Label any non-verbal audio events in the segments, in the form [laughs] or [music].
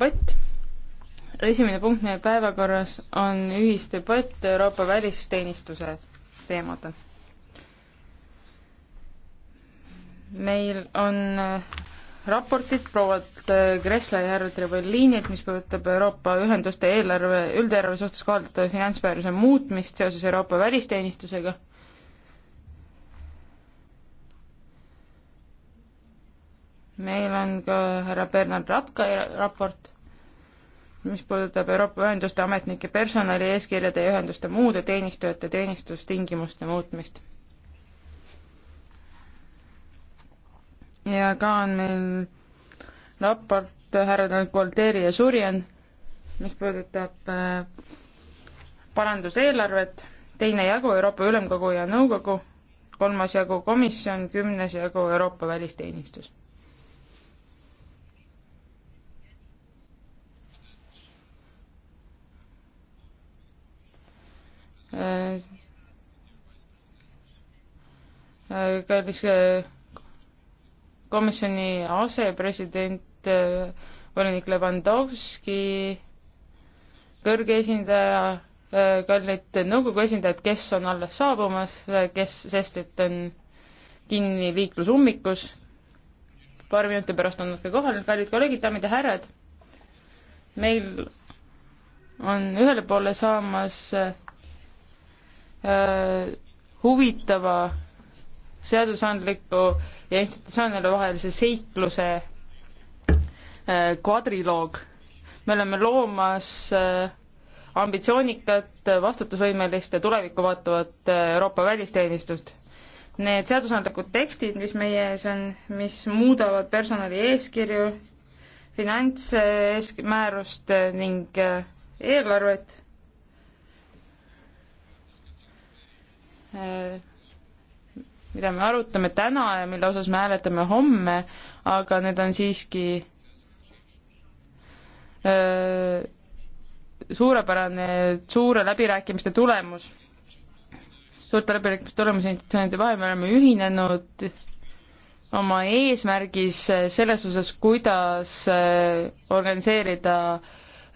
debatt. esimene punkt meie päevakorras on ühisdebatt Euroopa välisteenistuse teemadel. meil on äh, raportid proualt äh, Kressla ja härra Trebellinilt, mis puudutab Euroopa ühenduste eelarve, üldeelarve suhtes kohaldatava finantspääruse muutmist seoses Euroopa välisteenistusega meil on ka härra Bernard Rapka e-, raport, mis puudutab Euroopa Ühenduste ametnike personali eeskirjade ja ühenduste muude teenistujate teenistustingimuste muutmist. ja ka on meil raport härradelt Golteri ja Surjan, mis puudutab äh, paranduseelarvet, teine jagu Euroopa Ülemkogu ja Nõukogu, kolmas jagu komisjon, kümnes jagu Euroopa Välisteenistus kallis äh, äh, äh, komisjoni asepresident volinik Levandovski, kõrge esindaja, kallid nõukogu esindajad, kes on alles saabumas, kes, sest et on kinni liiklusummikus, paari minuti pärast on nad ka kohal, kallid kolleegid, daamid ja härrad, meil on ühele poole saamas Äh, huvitava seadusandliku ja institutsioonide vahelise seikluse äh, kvadriloog. me oleme loomas äh, ambitsioonikat, vastutusvõimelist ja tulevikku vaatavat Euroopa välisteenistust. Need seadusandlikud tekstid, mis meie ees on, mis muudavad personali eeskirju, finantseeskmäärust ning eelarvet Äh, mida me arutame täna ja mille osas me hääletame homme, aga need on siiski öö, äh, suurepärane suure läbirääkimiste tulemus. suurte läbirääkimiste tulemus institutsioonide vahel, me oleme ühinenud oma eesmärgis selles osas, kuidas äh, organiseerida öö,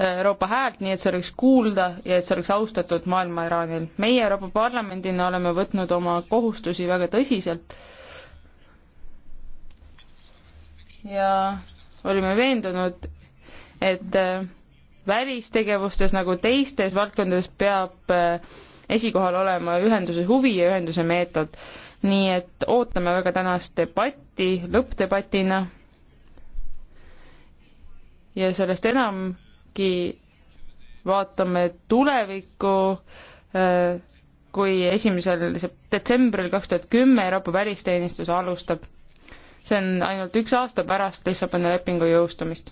Euroopa häält, nii et see oleks kuulda ja et see oleks austatud maailma Iraanil. meie Euroopa Parlamendina oleme võtnud oma kohustusi väga tõsiselt ja olime veendunud, et äh, välistegevustes nagu teistes valdkondades peab äh, esikohal olema ühenduse huvi ja ühenduse meetod. nii et ootame väga tänast debatti lõppdebatina ja sellest enam siiski vaatame tulevikku, kui esimesel detsembril kaks tuhat kümme Euroopa välisteenistus alustab. see on ainult üks aasta pärast Lissaboni lepingu jõustumist.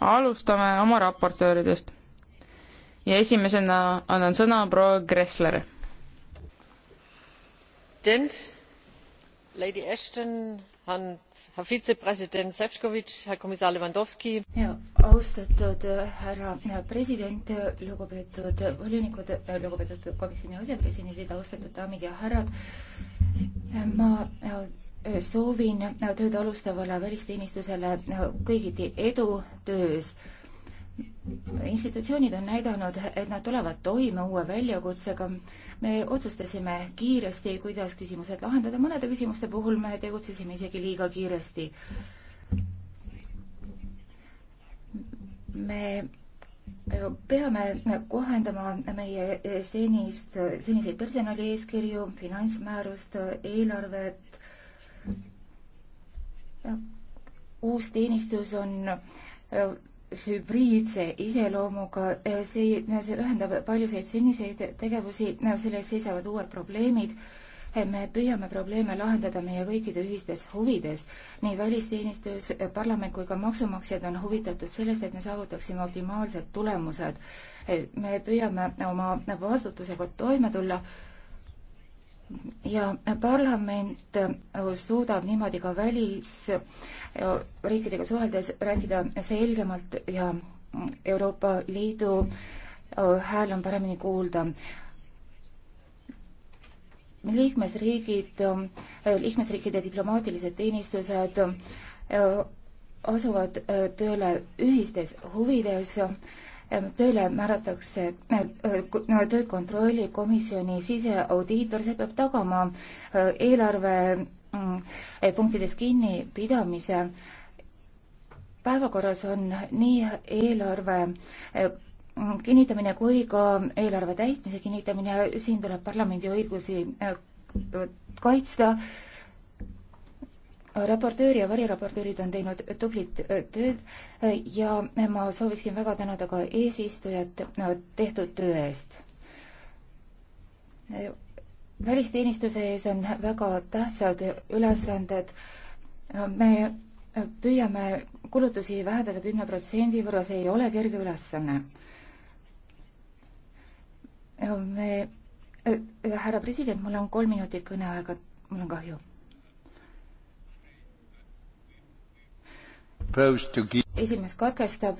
alustame oma raportööridest ja esimesena annan sõna proua Gressler. Lady Ashton, Herrn herr vizepräsident šefčovi herr kommissar lewandowski! austatud äh, härra äh, president äh, lugupeetud volinikud lugupeetud komisjoni asepresidendid austatud daamid ja härrad ma soovin tööd alustavale välisteenistusele kõigiti edu töös institutsioonid on näidanud, et nad tulevad toime uue väljakutsega. me otsustasime kiiresti, kuidas küsimused lahendada, mõnede küsimuste puhul me tegutsesime isegi liiga kiiresti. me peame kohendama meie senist, seniseid personalieeskirju, finantsmäärust, eelarvet. uus teenistus on hübriidse iseloomuga, eh, see, see ühendab paljusid seniseid tegevusi, eh, selles seisavad uued probleemid. Eh, me püüame probleeme lahendada meie kõikide ühistes huvides. nii välisteenistus, parlament kui ka maksumaksjad on huvitatud sellest, et me saavutaksime optimaalsed tulemused. me püüame oma vastutusega toime tulla ja parlament äh, suudab niimoodi ka välisriikidega äh, suheldes rääkida selgemalt ja Euroopa Liidu äh, hääl on paremini kuulda. liikmesriigid, liikmesriikide diplomaatilised teenistused asuvad tööle ühistes huvides tööle määratakse, äh, tööd kontrollib komisjoni siseaudiitor, see peab tagama äh, eelarve mm, äh, punktidest kinnipidamise. päevakorras on nii eelarve mm, kinnitamine kui ka eelarve täitmise kinnitamine, siin tuleb parlamendi õigusi kaitsta raportöör ja variraportöörid on teinud tublit äh, tööd äh, ja ma sooviksin väga tänada ka eesistujat tehtud töö eest. Äh, välisteenistuse ees on väga tähtsad ülesanded. me püüame kulutusi vähendada kümne protsendi võrra, see ei ole kerge ülesanne. me, härra president, mul on kolm minutit kõneaega, mul on kahju esimees katkestab.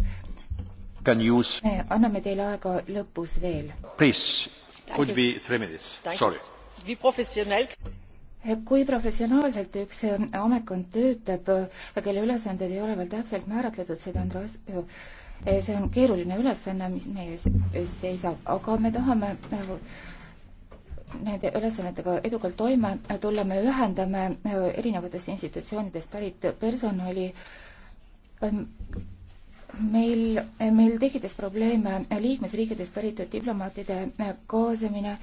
me anname teile aega lõpus veel. Eh, kui professionaalselt üks eh, ametkond töötab, eh, kelle ülesanded ei ole veel täpselt määratletud, seda on ras-, see on keeruline ülesanne, mis meie ees seisab, aga me tahame nagu nende ülesannetega edukalt toime tulla, me ühendame erinevatest institutsioonidest pärit personali äh, meil, meil tekitas probleeme liikmesriikidest päritud diplomaatide kaasamine.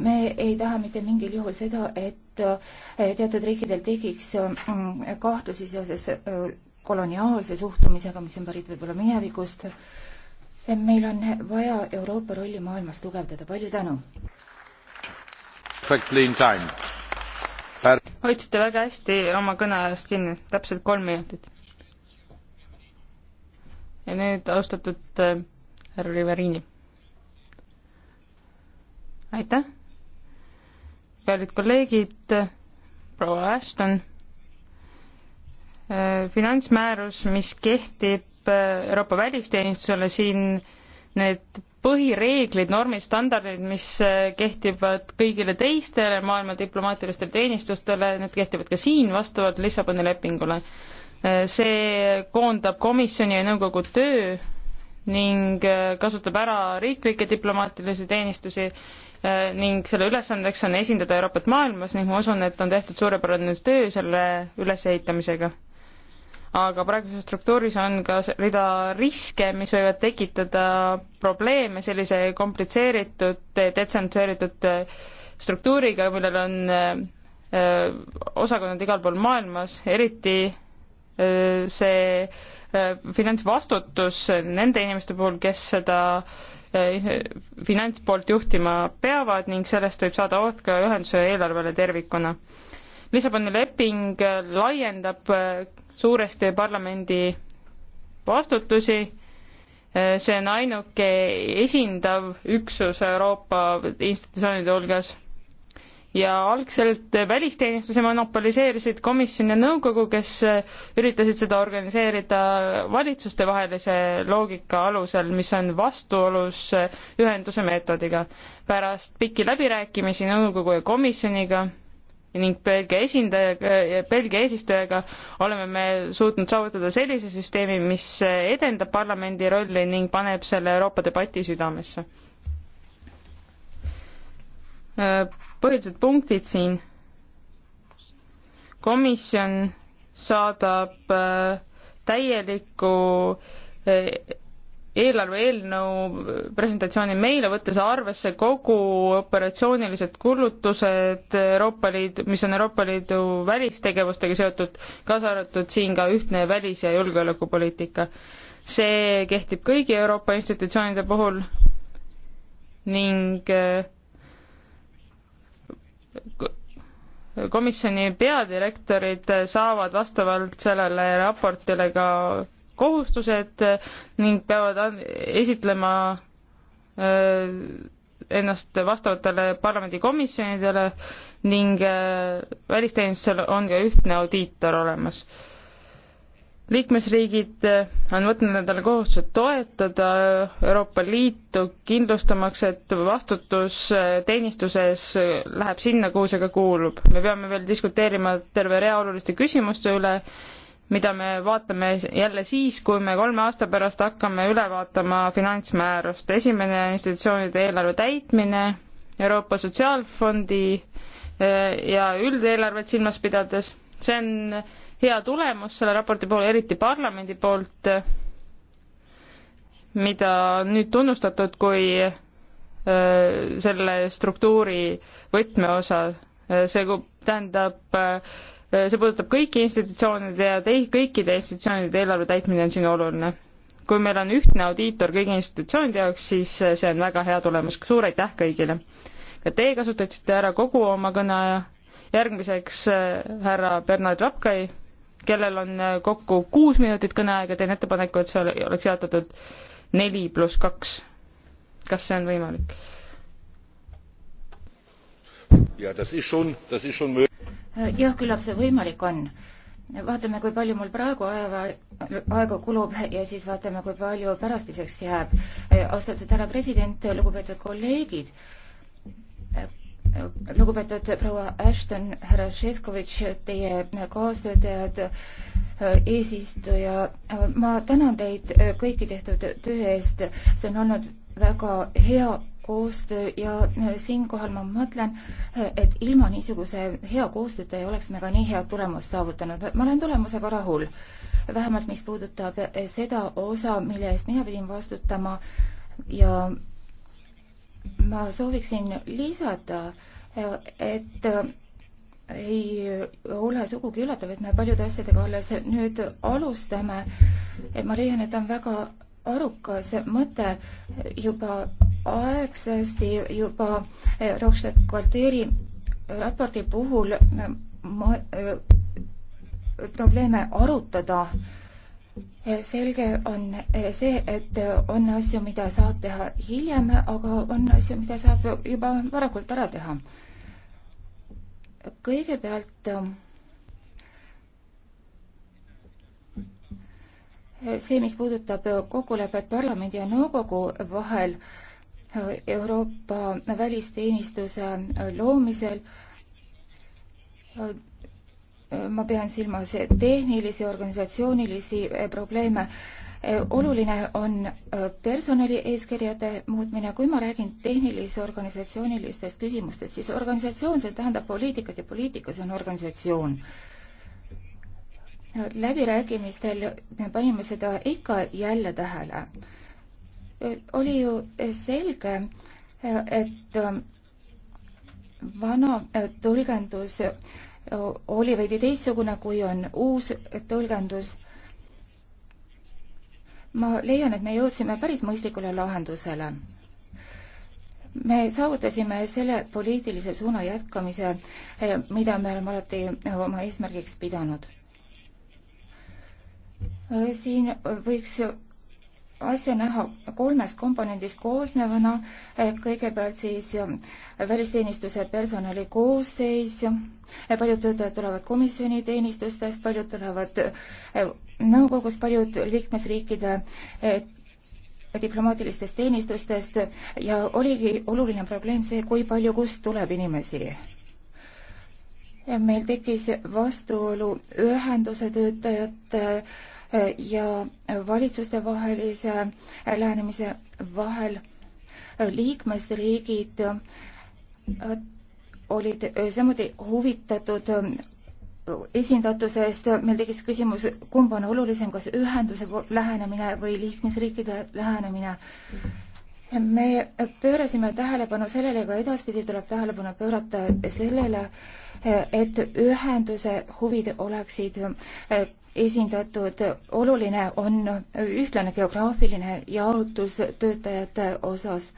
me ei taha mitte mingil juhul seda, et teatud riikidel tekiks mm, kahtlusi seoses äh, koloniaalse suhtumisega, mis on pärit võib-olla minevikust. meil on vaja Euroopa rolli maailmas tugevdada, palju tänu! hoidsite väga hästi oma kõne ajast kinni, täpselt kolm minutit ja nüüd austatud äh, härra Riverini. aitäh, kallid kolleegid, äh, proua Ashton. Äh, finantsmäärus, mis kehtib Euroopa välisteenistusele, siin need põhireeglid, normid, standardid, mis kehtivad kõigile teistele maailma diplomaatilistele teenistustele, need kehtivad ka siin vastavalt Lissaboni lepingule see koondab komisjoni ja nõukogu töö ning äh, kasutab ära riiklikke diplomaatilisi teenistusi äh, ning selle ülesandeks on esindada Euroopat maailmas ning ma usun, et on tehtud suurepärane töö selle ülesehitamisega. aga praeguses struktuuris on ka rida riske, mis võivad tekitada probleeme sellise komplitseeritud, detsentraliseeritud äh, struktuuriga, millel on osakonnad igal pool maailmas, eriti see äh, finantsvastutus nende inimeste puhul, kes seda äh, finantspoolt juhtima peavad ning sellest võib saada oht ka ühenduse eelarvele tervikuna. Lissaboni leping laiendab äh, suuresti parlamendi vastutusi, see on ainuke esindav üksus Euroopa institutsioonide hulgas ja algselt välisteenistuse monopoliseerisid komisjon ja nõukogu, kes üritasid seda organiseerida valitsustevahelise loogika alusel, mis on vastuolus ühenduse meetodiga. pärast pikki läbirääkimisi nõukogu ja komisjoniga ning Belgia esindajaga, Belgia eesistujaga oleme me suutnud saavutada sellise süsteemi, mis edendab parlamendi rolli ning paneb selle Euroopa debati südamesse põhilised punktid siin. komisjon saadab äh, täieliku äh, eelarve eelnõu presentatsiooni meile, võttes arvesse kogu operatsioonilised kulutused Euroopa Liidu, mis on Euroopa Liidu välistegevustega seotud, kaasa arvatud siin ka ühtne välis- ja julgeolekupoliitika. see kehtib kõigi Euroopa institutsioonide puhul ning äh, komisjoni peadirektorid saavad vastavalt sellele raportile ka kohustused ning peavad esitlema äh, ennast vastavatele parlamendikomisjonidele ning äh, välisteenistusel on ka ühtne audiitor olemas liikmesriigid eh, on võtnud endale kohustuse toetada eh, Euroopa Liitu, kindlustamaks, et vastutus eh, teenistuses läheb sinna, kuhu see ka kuulub. me peame veel diskuteerima terve rea oluliste küsimuste üle, mida me vaatame jälle siis, kui me kolme aasta pärast hakkame üle vaatama finantsmäärust. esimene on institutsioonide eelarve täitmine, Euroopa Sotsiaalfondi ja üldeelarvet silmas pidades, see on hea tulemus selle raporti puhul, eriti parlamendi poolt, mida on nüüd tunnustatud kui äh, selle struktuuri võtmeosa. see tähendab, äh, see puudutab kõiki institutsioonide ja tei-, kõikide institutsioonide eelarve täitmine on siin oluline. kui meil on ühtne audiitor kõigi institutsioonide jaoks, siis see on väga hea tulemus, suur aitäh kõigile! ka teie kasutasite ära kogu oma kõneaja, järgmiseks äh, härra Bernard Rapkai kellel on äh, kokku kuus minutit kõneaega, teen ettepaneku, et see oleks jaotatud neli pluss kaks. kas see on võimalik? Äh, jah, küllap see võimalik on. vaatame, kui palju mul praegu aeva, aega kulub ja siis vaatame, kui palju pärastiseks jääb. Äh, austatud härra president, lugupeetud kolleegid lugupeetud proua Ashton, härra Šefkovitš, teie kaastöötajad, eesistuja, ma tänan teid kõiki tehtud töö eest, see on olnud väga hea koostöö ja siinkohal ma mõtlen, et ilma niisuguse hea koostööta ei oleks me ka nii head tulemust saavutanud. ma olen tulemusega rahul, vähemalt mis puudutab seda osa, mille eest mina pidin vastutama ja ma sooviksin lisada, et ei ole sugugi üllatav, et me paljude asjadega alles nüüd alustame. ma leian, et on väga arukas mõte juba aegsasti juba Rockstedt kvarteeri raporti puhul ma, probleeme arutada äh, Eh, selge on eh, see, et eh, on asju, mida saab teha hiljem, aga on asju, mida saab juba varakult ära teha. kõigepealt see, mis puudutab kokkulepet parlamendi ja nõukogu vahel Euroopa välisteenistuse loomisel, ma pean silmas tehnilisi, organisatsioonilisi eh, probleeme. Eh, oluline on eh, personali eeskirjade muutmine, kui ma räägin tehnilise organisatsioonilistest küsimustest, siis organisatsioon, see tähendab poliitikat ja poliitikas on organisatsioon. läbirääkimistel me panime seda ikka jälle tähele. oli ju selge, et vana tõlgendus oli veidi teistsugune, kui on uus tõlgendus. ma leian, et me jõudsime päris mõistlikule lahendusele. me saavutasime selle poliitilise suuna jätkamise, eh, mida me oleme alati eh, oma eesmärgiks pidanud. Eh, siin võiks asja näha kolmest komponendist koosnevana, kõigepealt siis välisteenistuse personali koosseis, paljud töötajad tulevad komisjoni teenistustest, paljud tulevad e, nõukogust, paljud liikmesriikide e, diplomaatilistest teenistustest ja oligi oluline probleem see, kui palju kust tuleb inimesi. meil tekkis vastuolu ühenduse töötajate ja valitsustevahelise lähenemise vahel liikmesriigid olid samuti huvitatud esindatusest, meil tekkis küsimus, kumb on olulisem, kas ühenduse lähenemine või liikmesriikide lähenemine. me pöörasime tähelepanu sellele, ka edaspidi tuleb tähelepanu pöörata sellele, et ühenduse huvid oleksid esindatud. oluline on ühtlane geograafiline jaotus töötajate osas.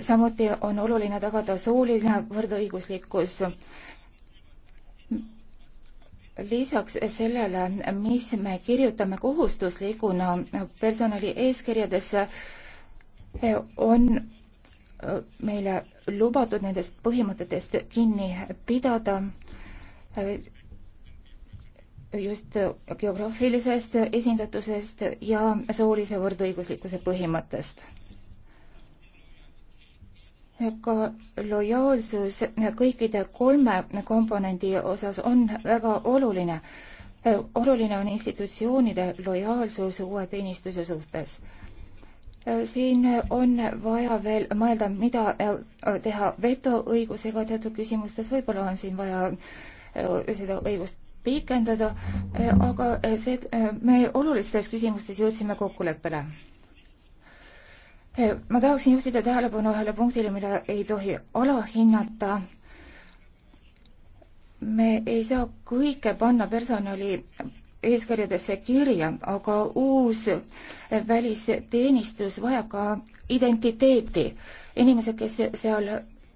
samuti on oluline tagada sooline võrdõiguslikkus. lisaks sellele, mis me kirjutame kohustuslikuna personali eeskirjadesse, on meile lubatud nendest põhimõtetest kinni pidada just geograafilisest esindatusest ja soolise võrdõiguslikkuse põhimõttest. ka lojaalsus kõikide kolme komponendi osas on väga oluline. oluline on institutsioonide lojaalsus uue teenistuse suhtes siin on vaja veel mõelda, mida teha vetoõigusega teatud küsimustes, võib-olla on siin vaja seda õigust pikendada, eh, aga eh, see, eh, me olulistes küsimustes jõudsime kokkuleppele. ma tahaksin juhtida tähelepanu ühele punktile, mida ei tohi alahinnata. me ei saa kõike panna personali eeskirjadesse kirja, aga uus välisteenistus vajab ka identiteeti. inimesed, kes seal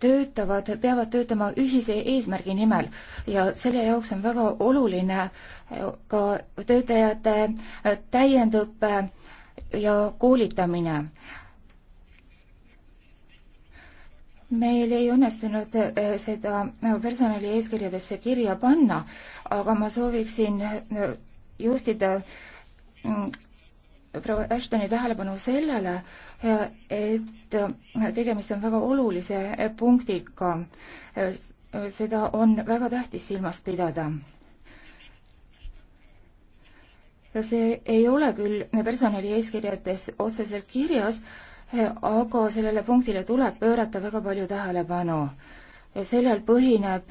töötavad, peavad töötama ühise eesmärgi nimel ja selle jaoks on väga oluline eh, ka töötajate eh, täiendõpe eh, ja koolitamine meil ei õnnestunud seda personali eeskirjadesse kirja panna, aga ma sooviksin juhtida mm, proua Ashtoni tähelepanu sellele, et tegemist on väga olulise punktiga. seda on väga tähtis silmas pidada. see ei ole küll personalieeskirjades otseselt kirjas, aga sellele punktile tuleb pöörata väga palju tähelepanu. sellel põhineb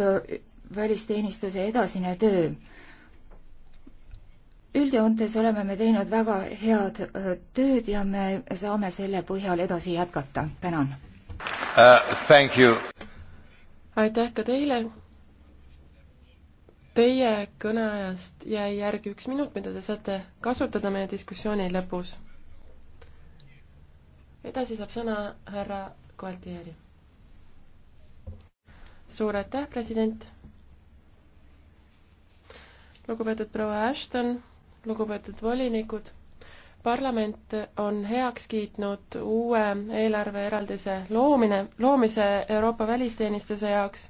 välisteenistuse edasine töö üldjoontes oleme me teinud väga head äh, tööd ja me saame selle põhjal edasi jätkata. tänan uh,! aitäh ka teile! Teie kõneajast jäi järgi üks minut, mida te saate kasutada meie diskussiooni lõpus. edasi saab sõna härra Gualtieri. suur aitäh, president! lugupeetud proua Ashton lugupeetud volinikud, parlament on heaks kiitnud uue eelarveeraldise loomine, loomise Euroopa välisteenistuse jaoks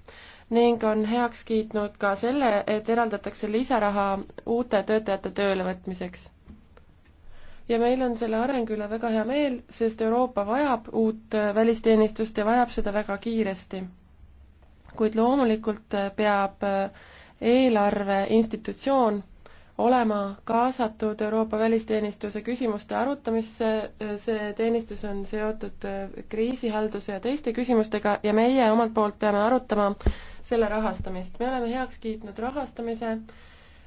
ning on heaks kiitnud ka selle, et eraldatakse lisaraha uute töötajate töölevõtmiseks. ja meil on selle arengu üle väga hea meel, sest Euroopa vajab uut välisteenistust ja vajab seda väga kiiresti. kuid loomulikult peab eelarve institutsioon olema kaasatud Euroopa välisteenistuse küsimuste arutamisse, see teenistus on seotud kriisihalduse ja teiste küsimustega ja meie omalt poolt peame arutama selle rahastamist. me oleme heaks kiitnud rahastamise,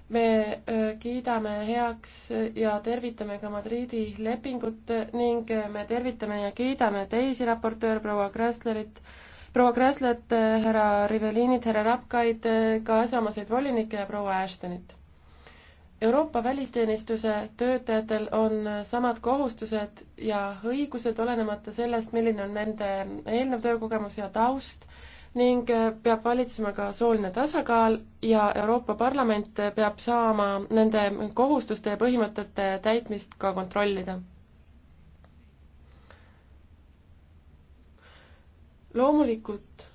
me äh, kiidame heaks ja tervitame ka Madridi lepingut ning äh, me tervitame ja kiidame teisi raportöör proua Kresslerit, proua Kresslet, äh, härra Rivelinit, härra Rapkaid, ka asjaomaseid volinikke ja proua Ashtonit Euroopa välisteenistuse töötajatel on samad kohustused ja õigused, olenemata sellest, milline on nende eelnev töökogemus ja taust ning äh, peab valitsema ka sooline tasakaal ja Euroopa Parlament peab saama nende kohustuste ja põhimõtete täitmist ka kontrollida. loomulikult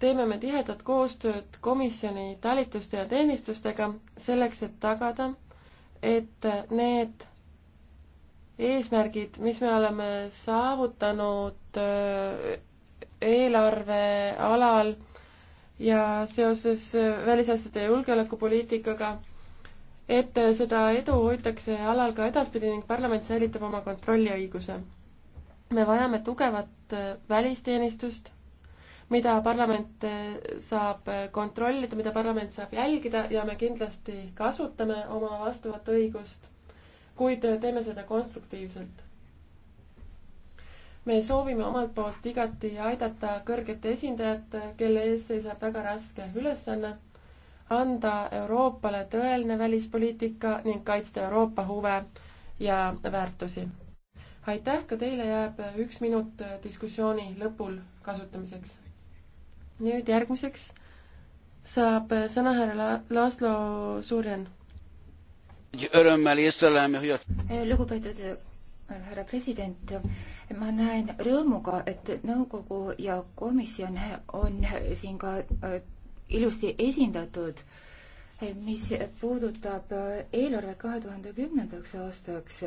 teeme me tihedat koostööd komisjoni talituste ja teenistustega selleks, et tagada, et need eesmärgid, mis me oleme saavutanud äh, eelarve alal ja seoses äh, välisasjade ja julgeolekupoliitikaga, et äh, seda edu hoitakse alal ka edaspidi ning parlament säilitab oma kontrolliõiguse. me vajame tugevat välisteenistust mida parlament eh, saab eh, kontrollida, mida parlament saab jälgida ja me kindlasti kasutame oma vastavat õigust, kuid eh, teeme seda konstruktiivselt. me soovime omalt poolt igati aidata kõrget esindajat, kelle ees seisab väga raske ülesanne, anda Euroopale tõeline välispoliitika ning kaitsta Euroopa huve ja väärtusi aitäh, ka teile jääb üks minut diskussiooni lõpul kasutamiseks nüüd järgmiseks saab sõna härra Laslo Surjan. lugupeetud eh, härra president, ma näen rõõmuga, et nõukogu ja komisjon on siin ka eh, ilusti esindatud, eh, mis puudutab eelarvet kahe tuhande kümnendaks aastaks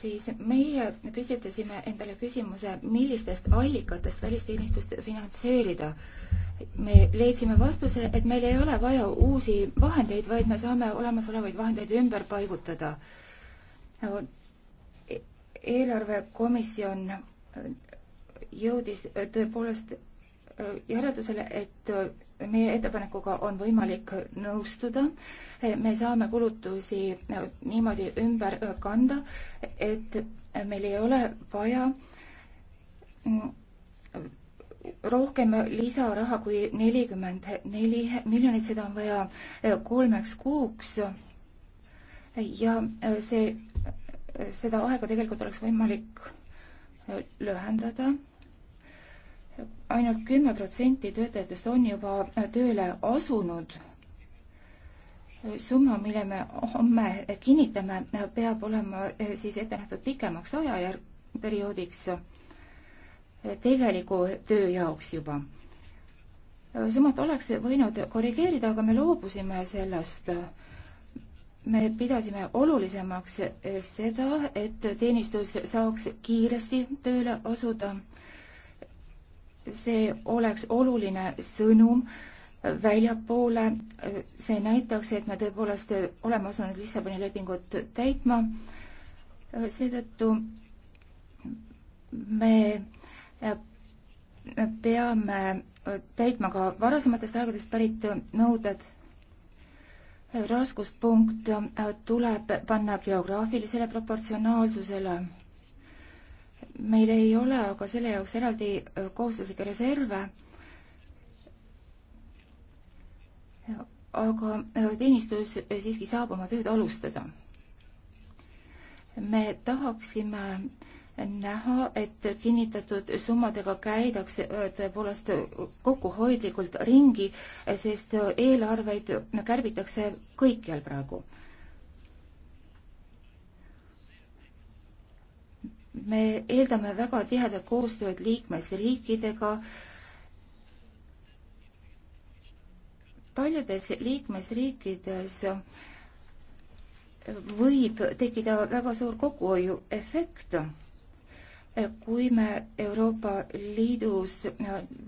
siis meie püstitasime endale küsimuse, millistest allikatest välisteenistust finantseerida. me leidsime vastuse, et meil ei ole vaja uusi vahendeid, vaid me saame olemasolevaid vahendeid ümber paigutada. Nagu e-, eelarvekomisjon jõudis tõepoolest järeldusele, et äh, meie ettepanekuga on võimalik nõustuda. Äh, me saame kulutusi äh, niimoodi ümber kanda, et meil ei ole vaja mm, rohkem lisaraha kui nelikümmend neli miljonit, seda on vaja kolmeks kuuks. ja see, seda aega tegelikult oleks võimalik lühendada ainult kümme protsenti töötajatest on juba tööle asunud. summa, mille me homme kinnitame, peab olema eh, siis ette nähtud pikemaks ajajärg, perioodiks eh, tegeliku töö jaoks juba. summat oleks võinud korrigeerida, aga me loobusime sellest. me pidasime olulisemaks eh, seda, et teenistus saaks kiiresti tööle asuda see oleks oluline sõnum väljapoole, see näitaks, et me tõepoolest oleme asunud Lissaboni lepingut täitma. seetõttu me peame täitma ka varasematest aegadest pärit nõuded. raskuspunkt tuleb panna geograafilisele proportsionaalsusele meil ei ole aga selle jaoks eraldi kohustuslikke reserve. aga teenistus siiski saab oma tööd alustada. me tahaksime näha, et kinnitatud summadega käidakse tõepoolest kokkuhoidlikult ringi, sest eelarveid kärbitakse kõikjal praegu me eeldame väga tihedat koostööd liikmesriikidega. paljudes liikmesriikides võib tekkida väga suur kokkuhoiuefekt, kui me Euroopa Liidus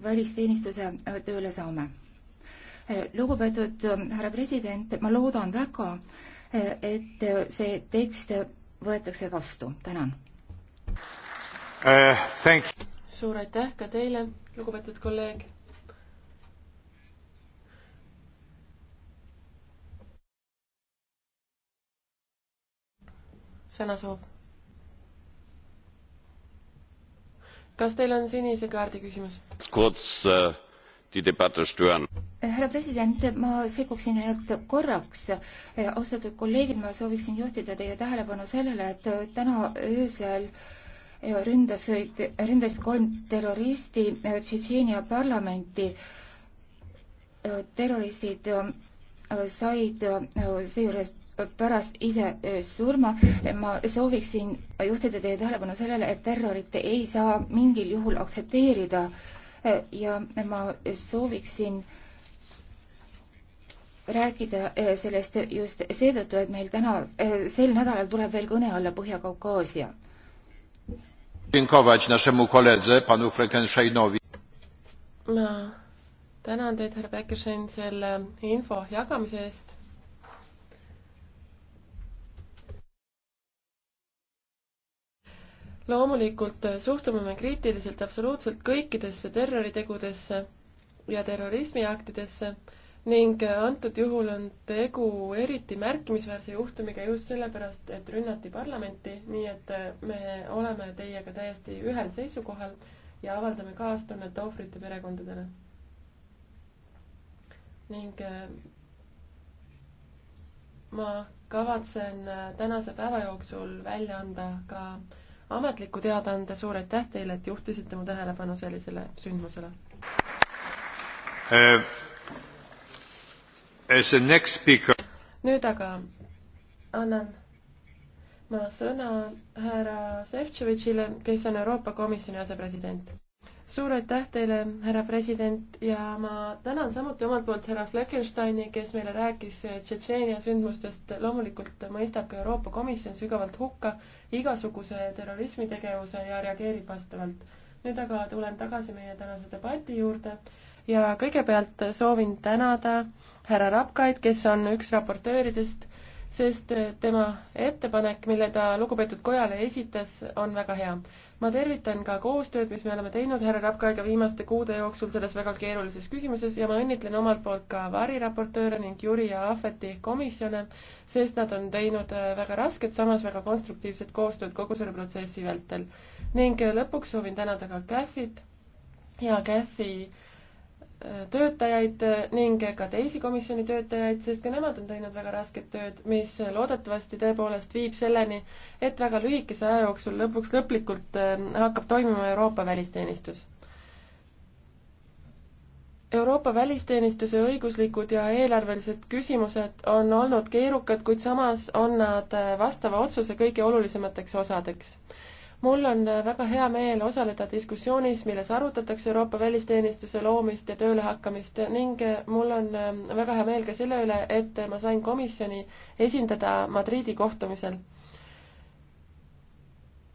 välisteenistuse tööle saame. lugupeetud härra president, ma loodan väga, et see tekst võetakse vastu, tänan uh,. suur aitäh ka teile, lugupeetud kolleeg. sõnasoov. kas teil on sinise kaardi küsimus? kurz äh, die debatte stören äh, härra president, ma sekkuksin ainult korraks. Äh, austatud kolleegid, ma sooviksin juhtida teie tähelepanu sellele, et äh, täna öösel äh, ründasid, ründasid kolm terroristi äh, Tšetšeenia parlamenti. Äh, terroristid äh, said seejuures pärast ise surma. ma sooviksin juhtida teie tähelepanu sellele, et terrorit ei saa mingil juhul aktsepteerida ja ma sooviksin rääkida sellest just seetõttu, et meil täna, sel nädalal tuleb veel kõne alla Põhja-Kaukaasia tänkować naszemu koledze, panu Fleckensteinowi. ma tänan teid, härra Fleckenstein, selle info jagamise eest. loomulikult suhtume me kriitiliselt absoluutselt kõikidesse terroritegudesse ja terrorismiaktidesse ning äh, antud juhul on tegu eriti märkimisväärse juhtumiga just sellepärast, et rünnati parlamenti, nii et äh, me oleme teiega täiesti ühel seisukohal ja avaldame kaastunnet ohvrite perekondadele. ning äh, ma kavatsen tänase päeva jooksul välja anda ka ametliku teadaande, suur aitäh teile, et juhtisite mu tähelepanu sellisele sündmusele äh nüüd aga annan ma sõna härra Šefčovičile, kes on Euroopa Komisjoni asepresident. suur aitäh teile, härra president, ja ma tänan samuti omalt poolt härra Fleckensteini, kes meile rääkis Tšetšeenia sündmustest. loomulikult mõistab ka Euroopa Komisjon sügavalt hukka igasuguse terrorismitegevuse ja reageerib vastavalt. nüüd aga tulen tagasi meie tänase debati juurde ja kõigepealt soovin tänada härra Rapkaid, kes on üks raportööridest, sest tema ettepanek, mille ta lugupeetud kojale esitas, on väga hea. ma tervitan ka koostööd, mis me oleme teinud härra Rapkaiga viimaste kuude jooksul selles väga keerulises küsimuses ja ma õnnitlen omalt poolt ka variraportööre ning Jüri ja Ahveti komisjone, sest nad on teinud äh, väga rasket, samas väga konstruktiivset koostööd kogu selle protsessi vältel. ning äh, lõpuks soovin tänada ka CAF-it ja CAF-i töötajaid ning ka teisi komisjoni töötajaid, sest ka nemad on teinud väga rasket tööd, mis loodetavasti tõepoolest viib selleni, et väga lühikese aja jooksul lõpuks lõplikult äh, hakkab toimima Euroopa välisteenistus. Euroopa välisteenistuse õiguslikud ja eelarvelised küsimused on olnud keerukad, kuid samas on nad äh, vastava otsuse kõige olulisemateks osadeks mul on väga hea meel osaleda diskussioonis, milles arutatakse Euroopa välisteenistuse loomist ja tööle hakkamist ning mul on ähm, väga hea meel ka selle üle, et ma sain komisjoni esindada Madriidi kohtumisel.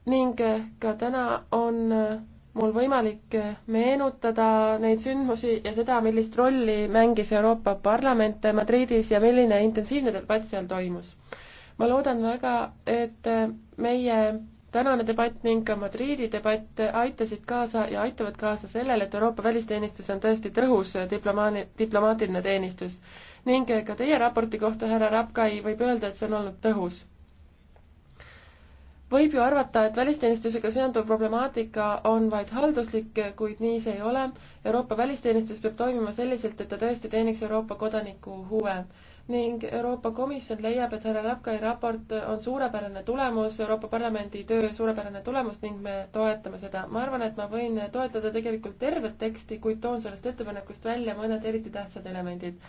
ning äh, ka täna on äh, mul võimalik äh, meenutada neid sündmusi ja seda, millist rolli mängis Euroopa Parlament Madridis ja milline intensiivne debatt seal toimus. ma loodan väga, et meie tänane debatt ning ka Madriidi debatt aitasid kaasa ja aitavad kaasa sellele, et Euroopa välisteenistus on tõesti tõhus diplomaani, diplomaatiline teenistus. ning ka teie raporti kohta, härra Rapkai, võib öelda, et see on olnud tõhus. võib ju arvata, et välisteenistusega seonduv problemaatika on vaid halduslik, kuid nii see ei ole. Euroopa välisteenistus peab toimima selliselt, et ta tõesti teeniks Euroopa kodaniku huve ning Euroopa Komisjon leiab, et härra Rapkai raport on suurepärane tulemus, Euroopa Parlamendi töö suurepärane tulemus ning me toetame seda. ma arvan, et ma võin toetada tegelikult tervet teksti, kuid toon sellest ettepanekust välja mõned eriti tähtsad elemendid.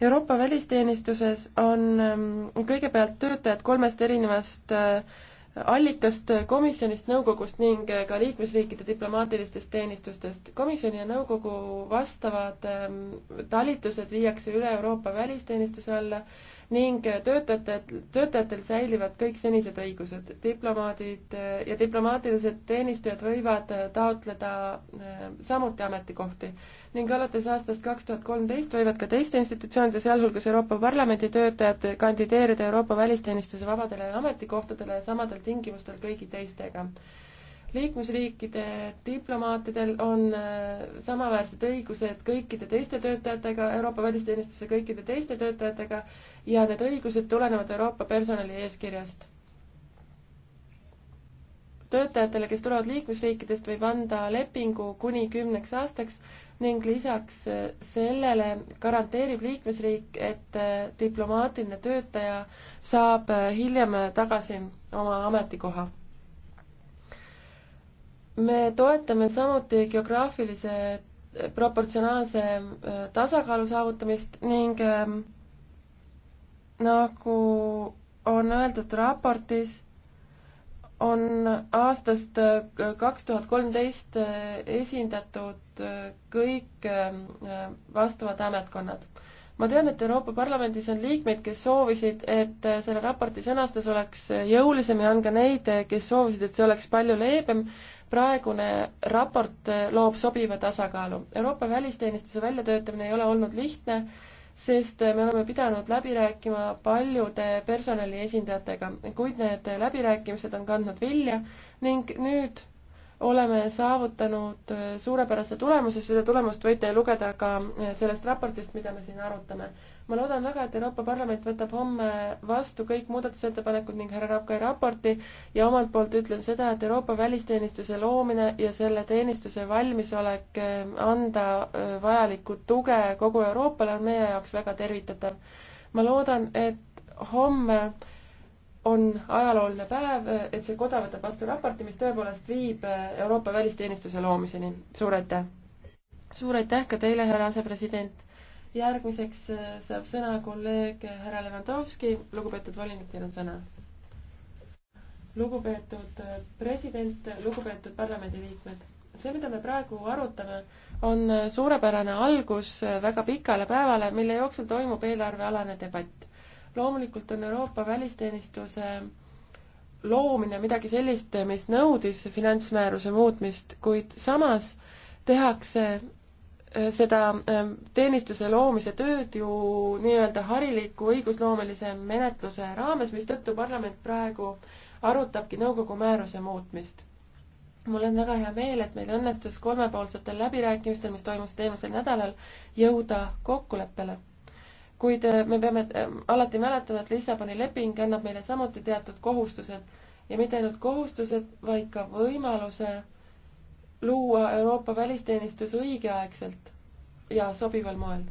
Euroopa välisteenistuses on ähm, kõigepealt töötajad kolmest erinevast äh, allikast komisjonist, nõukogust ning ka liikmesriikide diplomaatilistest teenistustest. komisjoni ja nõukogu vastavad ähm, talitused viiakse üle Euroopa välisteenistuse alla ning töötajatel, töötajatel säilivad kõik senised õigused. diplomaadid äh, ja diplomaatilised teenistujad võivad äh, taotleda äh, samuti ametikohti ning alates aastast kaks tuhat kolmteist võivad ka teiste institutsioonide, sealhulgas Euroopa Parlamendi töötajad, kandideerida Euroopa välisteenistuse vabadele ametikohtadele samadel tingimustel kõigi teistega liikmesriikide diplomaatidel on äh, samaväärsed õigused kõikide teiste töötajatega, Euroopa välisteenistuse kõikide teiste töötajatega ja need õigused tulenevad Euroopa personali eeskirjast. töötajatele, kes tulevad liikmesriikidest, võib anda lepingu kuni kümneks aastaks ning lisaks äh, sellele garanteerib liikmesriik, et äh, diplomaatiline töötaja saab hiljem tagasi oma ametikoha me toetame samuti geograafilise proportsionaalse äh, tasakaalu saavutamist ning ähm, nagu on öeldud raportis, on aastast äh, kaks tuhat kolmteist äh, esindatud kõik ähm, vastavad ametkonnad. ma tean, et Euroopa Parlamendis on liikmeid, kes soovisid, et selle raporti sõnastus oleks jõulisem ja on ka neid, kes soovisid, et see oleks palju leebem praegune raport loob sobiva tasakaalu. Euroopa välisteenistuse väljatöötamine ei ole olnud lihtne, sest me oleme pidanud läbi rääkima paljude personali esindajatega, kuid need läbirääkimised on kandnud vilja ning nüüd oleme saavutanud äh, suurepärase tulemuse, seda tulemust võite lugeda ka äh, sellest raportist, mida me siin arutame. ma loodan väga, et Euroopa Parlament võtab homme vastu kõik muudatusettepanekud ning härra Rapkai raporti ja omalt poolt ütlen seda, et Euroopa välisteenistuse loomine ja selle teenistuse valmisolek äh, anda vajalikku tuge kogu Euroopale on meie jaoks väga tervitatav. ma loodan, et homme on ajalooline päev, et see koda võtab vastu raporti, mis tõepoolest viib Euroopa välisteenistuse loomiseni. suur aitäh! suur aitäh ka teile, härra asepresident! järgmiseks äh, saab sõna kolleeg härra Levanovski, lugupeetud volinik, teil on sõna. lugupeetud äh, president, lugupeetud parlamendiliikmed, see, mida me praegu arutame, on äh, suurepärane algus väga pikale päevale, mille jooksul toimub eelarvealane debatt loomulikult on Euroopa välisteenistuse loomine midagi sellist, mis nõudis finantsmääruse muutmist, kuid samas tehakse äh, seda ähm, teenistuse loomise tööd ju nii-öelda hariliku õigusloomelise menetluse raames, mistõttu parlament praegu arutabki nõukogu määruse muutmist. mul on väga hea meel, et meil õnnestus kolmepoolsetel läbirääkimistel, mis toimusid eelmisel nädalal, jõuda kokkuleppele kuid äh, me peame ähm, alati mäletama, et Lissaboni leping annab meile samuti teatud kohustused ja mitte ainult kohustused, vaid ka võimaluse luua Euroopa välisteenistus õigeaegselt ja sobival moel.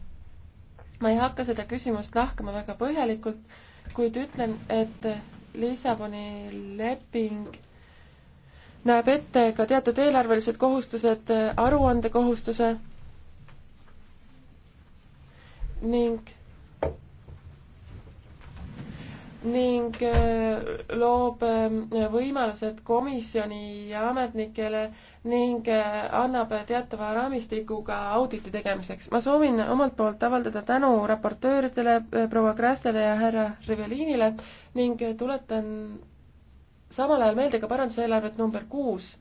ma ei hakka seda küsimust lahkama väga põhjalikult, kuid ütlen, et Lissaboni leping näeb ette ka teatud eelarvelised kohustused, äh, aruandekohustuse ning ning äh, loob äh, võimalused komisjoni ametnikele ning äh, annab teatava raamistiku ka auditi tegemiseks. ma soovin omalt poolt avaldada tänu raportööridele, proua Krästele ja härra Rivelinile ning tuletan samal ajal meelde ka paranduseelarvet number kuus,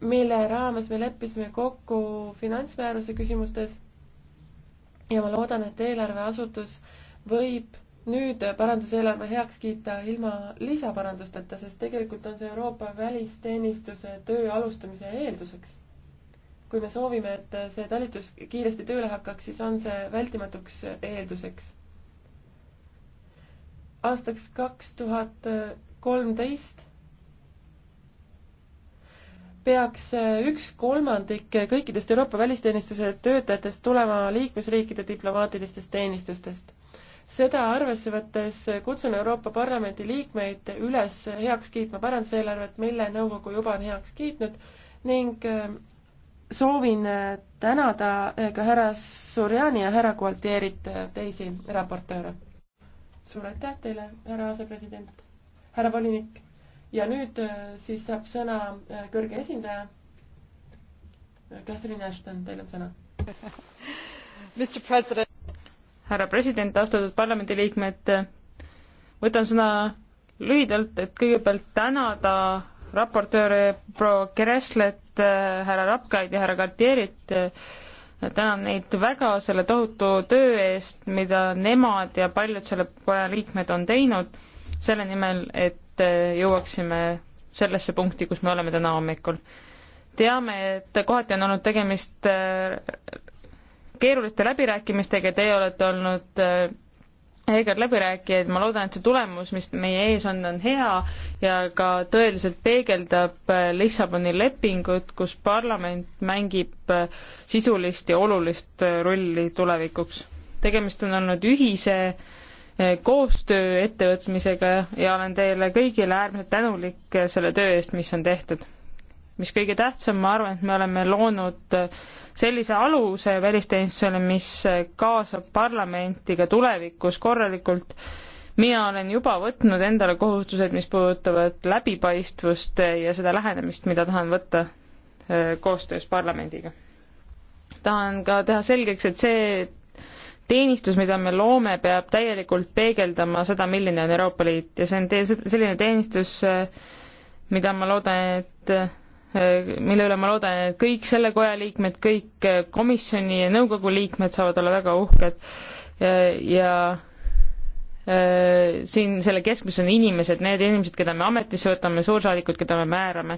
mille raames me leppisime kokku finantsmääruse küsimustes ja ma loodan, et eelarveasutus äh, võib nüüd paranduseelarve heaks kiita ilma lisaparandusteta, sest tegelikult on see Euroopa välisteenistuse töö alustamise eelduseks. kui me soovime, et see talitus kiiresti tööle hakkaks, siis on see vältimatuks eelduseks. aastaks kaks tuhat kolmteist peaks üks kolmandik kõikidest Euroopa välisteenistuse töötajatest tulema liikmesriikide diplomaatilistest teenistustest seda arvesse võttes kutsun Euroopa Parlamendi liikmeid üles heaks kiitma paranduseelarvet, mille nõukogu juba on heaks kiitnud ning äh, soovin äh, tänada äh, ka härra Surjani ja härra Gualtierit, teisi raportööre. suur aitäh teile, härra asepresident, härra volinik ja nüüd siis saab sõna kõrge esindaja. Catherine Ashton, teil on sõna. [laughs] Mr President härra president, austatud parlamendiliikmed, võtan sõna lühidalt, et kõigepealt tänada raportööre proua Kereslet, härra Rapkaid ja härra Cartierit, tänan neid väga selle tohutu töö eest, mida nemad ja paljud selle koja liikmed on teinud selle nimel, et jõuaksime sellesse punkti, kus me oleme täna hommikul. teame, et kohati on olnud tegemist keeruliste läbirääkimistega, teie olete olnud Heegel äh, läbirääkijaid, ma loodan, et see tulemus, mis meie ees on, on hea ja ka tõeliselt peegeldab äh, Lissaboni lepingut, kus parlament mängib äh, sisulist ja olulist rolli tulevikuks. tegemist on olnud ühise koostöö ettevõtmisega ja olen teile kõigile äärmiselt tänulik selle töö eest, mis on tehtud. mis kõige tähtsam, ma arvan, et me oleme loonud sellise aluse välisteenistusele, mis kaasab parlamenti ka tulevikus korralikult. mina olen juba võtnud endale kohustused, mis puudutavad läbipaistvust ja seda lähenemist, mida tahan võtta äh, koostöös parlamendiga. tahan ka teha selgeks, et see teenistus, mida me loome, peab täielikult peegeldama seda, milline on Euroopa Liit ja see on te-, selline teenistus, äh, mida ma loodan, et mille üle ma loodan, et kõik selle koja liikmed, kõik komisjoni ja nõukogu liikmed saavad olla väga uhked ja, ja äh, siin selle keskmes on inimesed, need inimesed, keda me ametisse võtame, suursaadikud, keda me määrame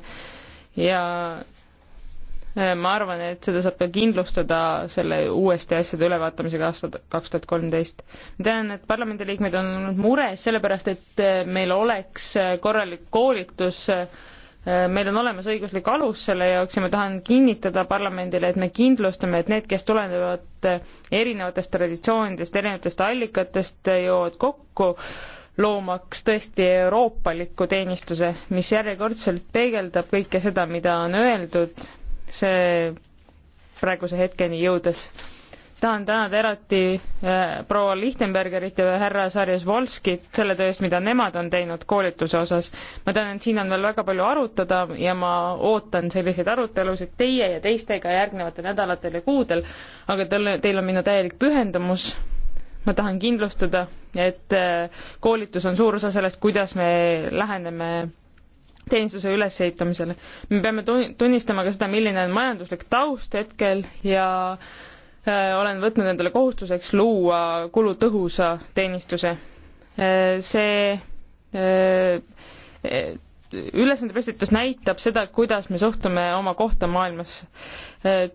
ja äh, ma arvan, et seda saab ka kindlustada selle uuesti asjade ülevaatamisega aastal kaks tuhat kolmteist. ma tean, et parlamendiliikmed on olnud mures sellepärast, et äh, meil oleks äh, korralik koolitus äh, meil on olemas õiguslik alus selle jaoks ja ma tahan kinnitada parlamendile, et me kindlustame, et need, kes tulenevad erinevatest traditsioonidest, erinevatest allikatest, jõuavad kokku, loomaks tõesti euroopaliku teenistuse, mis järjekordselt peegeldab kõike seda, mida on öeldud, see praeguse hetkeni jõudes tahan tänada eraldi äh, proua Lichtenbergerit ja härra Sarjas Volskit selle töö eest, mida nemad on teinud koolituse osas. ma tean, et siin on veel väga palju arutada ja ma ootan selliseid arutelusid teie ja teistega järgnevatel nädalatel ja kuudel, aga teil, teil on minu täielik pühendumus. ma tahan kindlustada, et äh, koolitus on suur osa sellest, kuidas me läheneme teenistuse ülesehitamisele. me peame tunnistama ka seda, milline on majanduslik taust hetkel ja äh, Äh, olen võtnud endale kohustuseks luua kulutõhusa teenistuse. Äh, see äh, ülesande püstitus näitab seda, kuidas me suhtume oma kohta maailmas.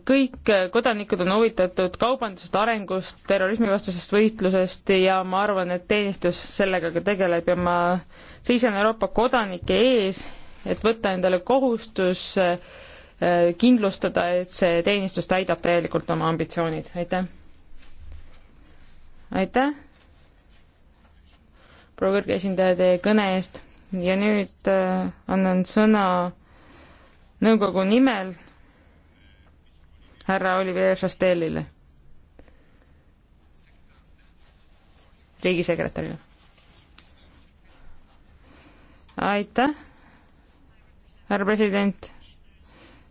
kõik kodanikud on huvitatud kaubandusest, arengust, terrorismivastasest võitlusest ja ma arvan, et teenistus sellega ka tegeleb ja ma seisan Euroopa kodanike ees, et võtta endale kohustus äh, Äh, kindlustada, et see teenistus täidab täielikult oma ambitsioonid, aitäh. aitäh, proua kõrge esindaja, teie kõne eest ja nüüd äh, annan sõna nõukogu nimel härra Olivier Chastelile, riigisekretärile. aitäh, härra president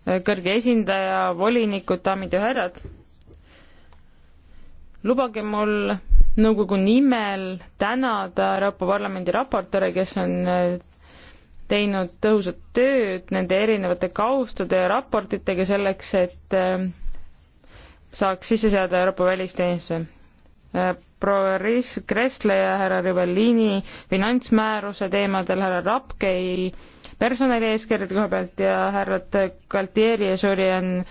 kõrge esindaja, volinikud, daamid ja härrad. lubage mul nõukogu nimel tänada Euroopa Parlamendi raportööre, kes on äh, teinud tõhusat tööd nende erinevate kaustade ja raportitega selleks, et äh, saaks sisse seada Euroopa välisteenistuse. Äh, proua Riis Kressle ja härra Rivellini finantsmääruse teemadel, härra Rapkei personalieeskirjade koha pealt ja härrad Galtieri ja Suri on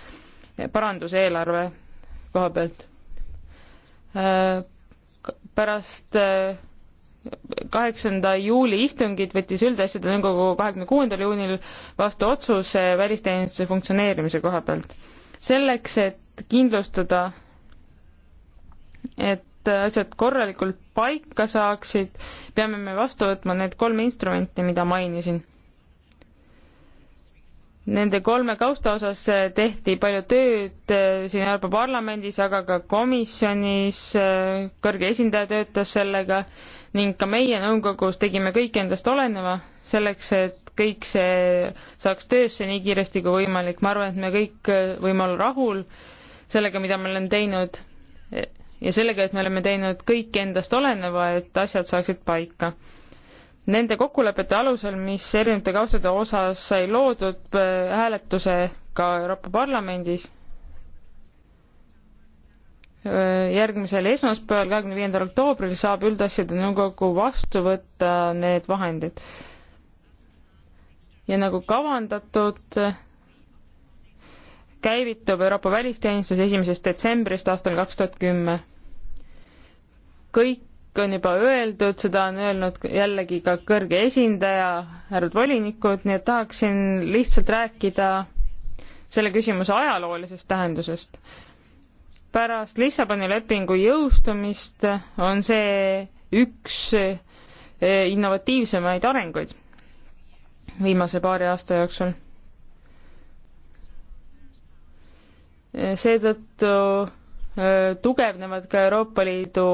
paranduseelarve koha pealt. Äh, pärast äh, kaheksanda juuli istungit võttis üldasjade nõukogu kahekümne kuuendal juunil vastu otsuse välisteenistuse funktsioneerimise koha pealt. selleks, et kindlustada, et asjad korralikult paika saaksid, peame me vastu võtma need kolm instrumenti, mida mainisin nende kolme kausta osas äh, tehti palju tööd äh, siin Euroopa Parlamendis, aga ka komisjonis, äh, kõrge esindaja töötas sellega ning ka meie nõukogus tegime kõik endast oleneva selleks, et kõik see saaks töösse nii kiiresti kui võimalik. ma arvan, et me kõik võime olla rahul sellega, mida me oleme teinud ja sellega, et me oleme teinud kõik endast oleneva, et asjad saaksid paika nende kokkulepete alusel, mis erinevate kaustade osas sai loodud äh, hääletusega Euroopa Parlamendis äh, järgmisel esmaspäeval, kahekümne viiendal oktoobril saab üldasjade nõukogu vastu võtta need vahendid. ja nagu kavandatud, käivitub Euroopa välisteenistus esimesest detsembrist aastal kaks tuhat kümme. kõik on juba öeldud, seda on öelnud jällegi ka kõrge esindaja, härrad volinikud, nii et tahaksin lihtsalt rääkida selle küsimuse ajaloolisest tähendusest. pärast Lissaboni lepingu jõustumist on see üks eh, innovatiivsemaid arenguid viimase paari aasta jooksul. Eh, seetõttu eh, tugevnevad ka Euroopa Liidu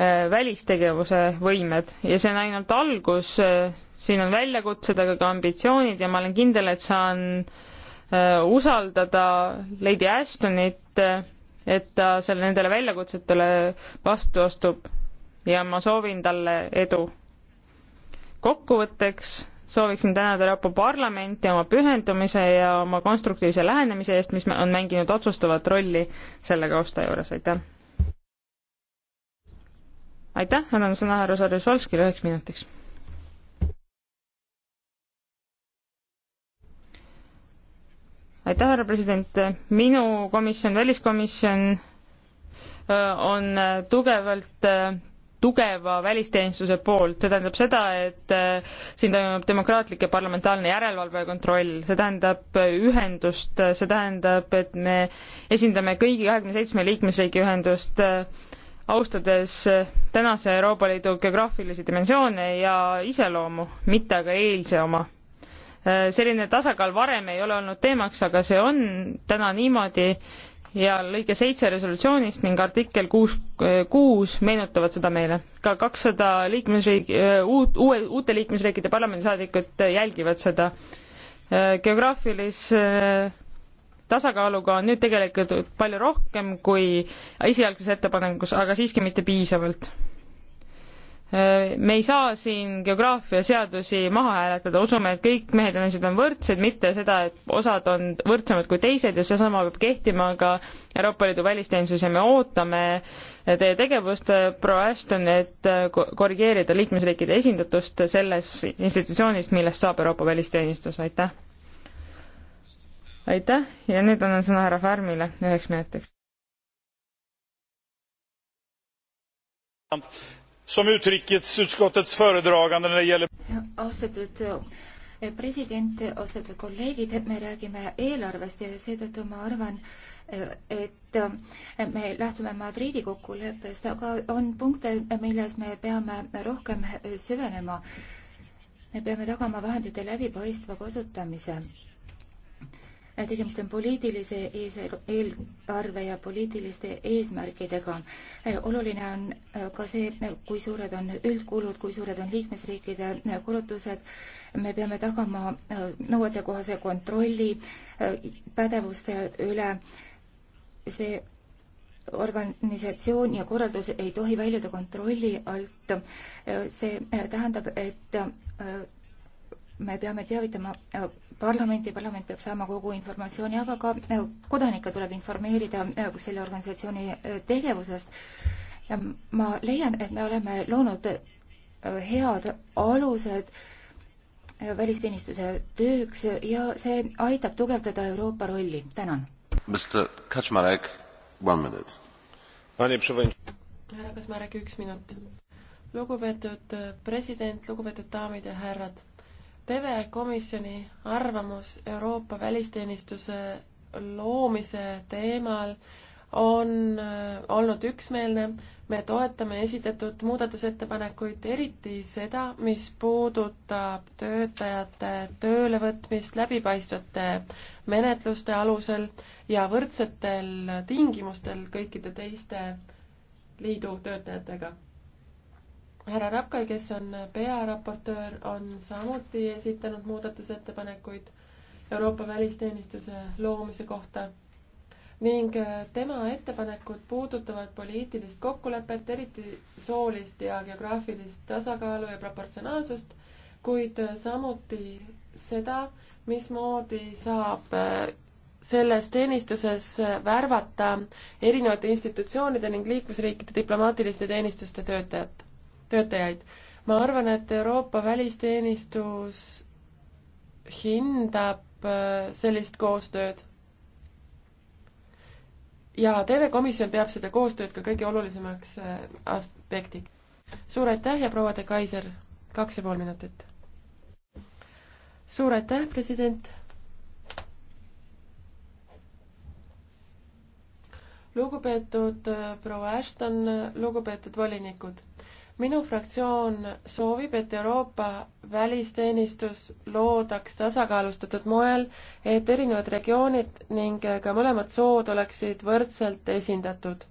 Äh, välistegevuse võimed ja see on ainult algus, äh, siin on väljakutsed, aga ka ambitsioonid ja ma olen kindel, et saan äh, usaldada Lady Ashtonit, et ta selle, nendele väljakutsetele vastu astub ja ma soovin talle edu. kokkuvõtteks sooviksin tänada Euroopa Parlamenti oma pühendumise ja oma konstruktiivse lähenemise eest, mis on mänginud otsustavat rolli selle kausta juures, aitäh! aitäh, annan sõna härra Sarjusvalskile üheks minutiks. aitäh, härra president, minu komisjon, väliskomisjon on tugevalt tugeva välisteenistuse poolt, see tähendab seda, et siin toimub demokraatlik ja parlamentaarne järelevalve ja kontroll, see tähendab ühendust, see tähendab, et me esindame kõigi kahekümne seitsme liikmesriigi ühendust, austades tänase Euroopa Liidu geograafilisi dimensioone ja iseloomu, mitte aga eilse oma. selline tasakaal varem ei ole olnud teemaks, aga see on täna niimoodi ja lõige seitse resolutsioonist ning artikkel kuus, kuus meenutavad seda meile. ka kakssada liikmesriigi, uut, uue, uute liikmesriikide parlamendisaadikud jälgivad seda. geograafilise tasakaaluga on nüüd tegelikult palju rohkem kui esialgses ettepanekus, aga siiski mitte piisavalt. me ei saa siin geograafiaseadusi maha hääletada, usume, et kõik mehed ja naised on võrdsed, mitte seda, et osad on võrdsemad kui teised ja seesama peab kehtima ka Euroopa Liidu välisteenistus ja me ootame teie tegevust, proua Ashton, et korrigeerida liikmesriikide esindatust selles institutsioonis, millest saab Euroopa välisteenistus, aitäh! aitäh ja nüüd annan sõna härra Färmile üheks minutiks. austatud eh, president, austatud kolleegid, me räägime eelarvest ja seetõttu ma arvan, eh, et eh, me lähtume Madriidi kokkuleppest, aga on punkte, milles me peame rohkem süvenema. me peame tagama vahendite läbipaistva kasutamise tegemist on poliitilise eelarve ja poliitiliste eesmärkidega. oluline on äh, ka see, kui suured on üldkulud, kui suured on liikmesriikide äh, kulutused. me peame tagama äh, nõuetekohase kontrolli pädevuste üle. see organisatsioon ja korraldus ei tohi väljuda kontrolli alt. see tähendab, et me peame teavitama äh, parlamenti, parlament peab saama kogu informatsiooni, aga ka äh, kodanikke tuleb informeerida äh, selle organisatsiooni tegevusest. ja ma leian, et me oleme loonud head alused välisteenistuse tööks ja see aitab tugevdada Euroopa rolli. tänan. härra Kasmarek, üks minut. lugupeetud president, lugupeetud daamid ja härrad TV Komisjoni arvamus Euroopa välisteenistuse loomise teemal on äh, olnud üksmeelne. me toetame esitatud muudatusettepanekuid, eriti seda, mis puudutab töötajate töölevõtmist läbipaistvate menetluste alusel ja võrdsetel tingimustel kõikide teiste liidu töötajatega härra Rapkai, kes on pearaportöör, on samuti esitanud muudatusettepanekuid Euroopa välisteenistuse loomise kohta ning äh, tema ettepanekud puudutavad poliitilist kokkulepet, eriti soolist ja geograafilist tasakaalu ja proportsionaalsust, kuid äh, samuti seda, mismoodi saab äh, selles teenistuses värvata erinevate institutsioonide ning liikmesriikide diplomaatiliste teenistuste töötajat töötajaid. ma arvan, et Euroopa välisteenistus hindab äh, sellist koostööd. ja TV Komisjon peab seda koostööd ka kõige olulisemaks äh, aspektiks. suur aitäh ja proua de Kaiser, kaks ja pool minutit. suur aitäh, president. lugupeetud äh, proua Ashton, lugupeetud volinikud minu fraktsioon soovib, et Euroopa välisteenistus loodaks tasakaalustatud moel, et erinevad regioonid ning ka mõlemad sood oleksid võrdselt esindatud.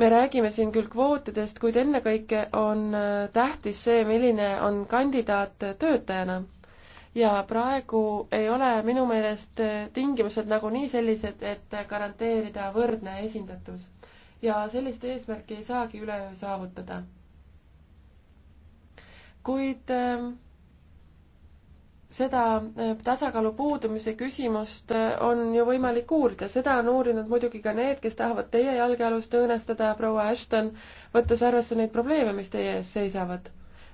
me räägime siin küll kvootidest, kuid ennekõike on tähtis see, milline on kandidaat töötajana. ja praegu ei ole minu meelest tingimused nagunii sellised, et garanteerida võrdne esindatus. ja sellist eesmärki ei saagi üleöö saavutada kuid ähm, seda äh, tasakaalu puudumise küsimust äh, on ju võimalik uurida, seda on uurinud muidugi ka need, kes tahavad teie jalgealust õõnestada, proua Ashton, võttes arvesse neid probleeme, mis teie ees seisavad.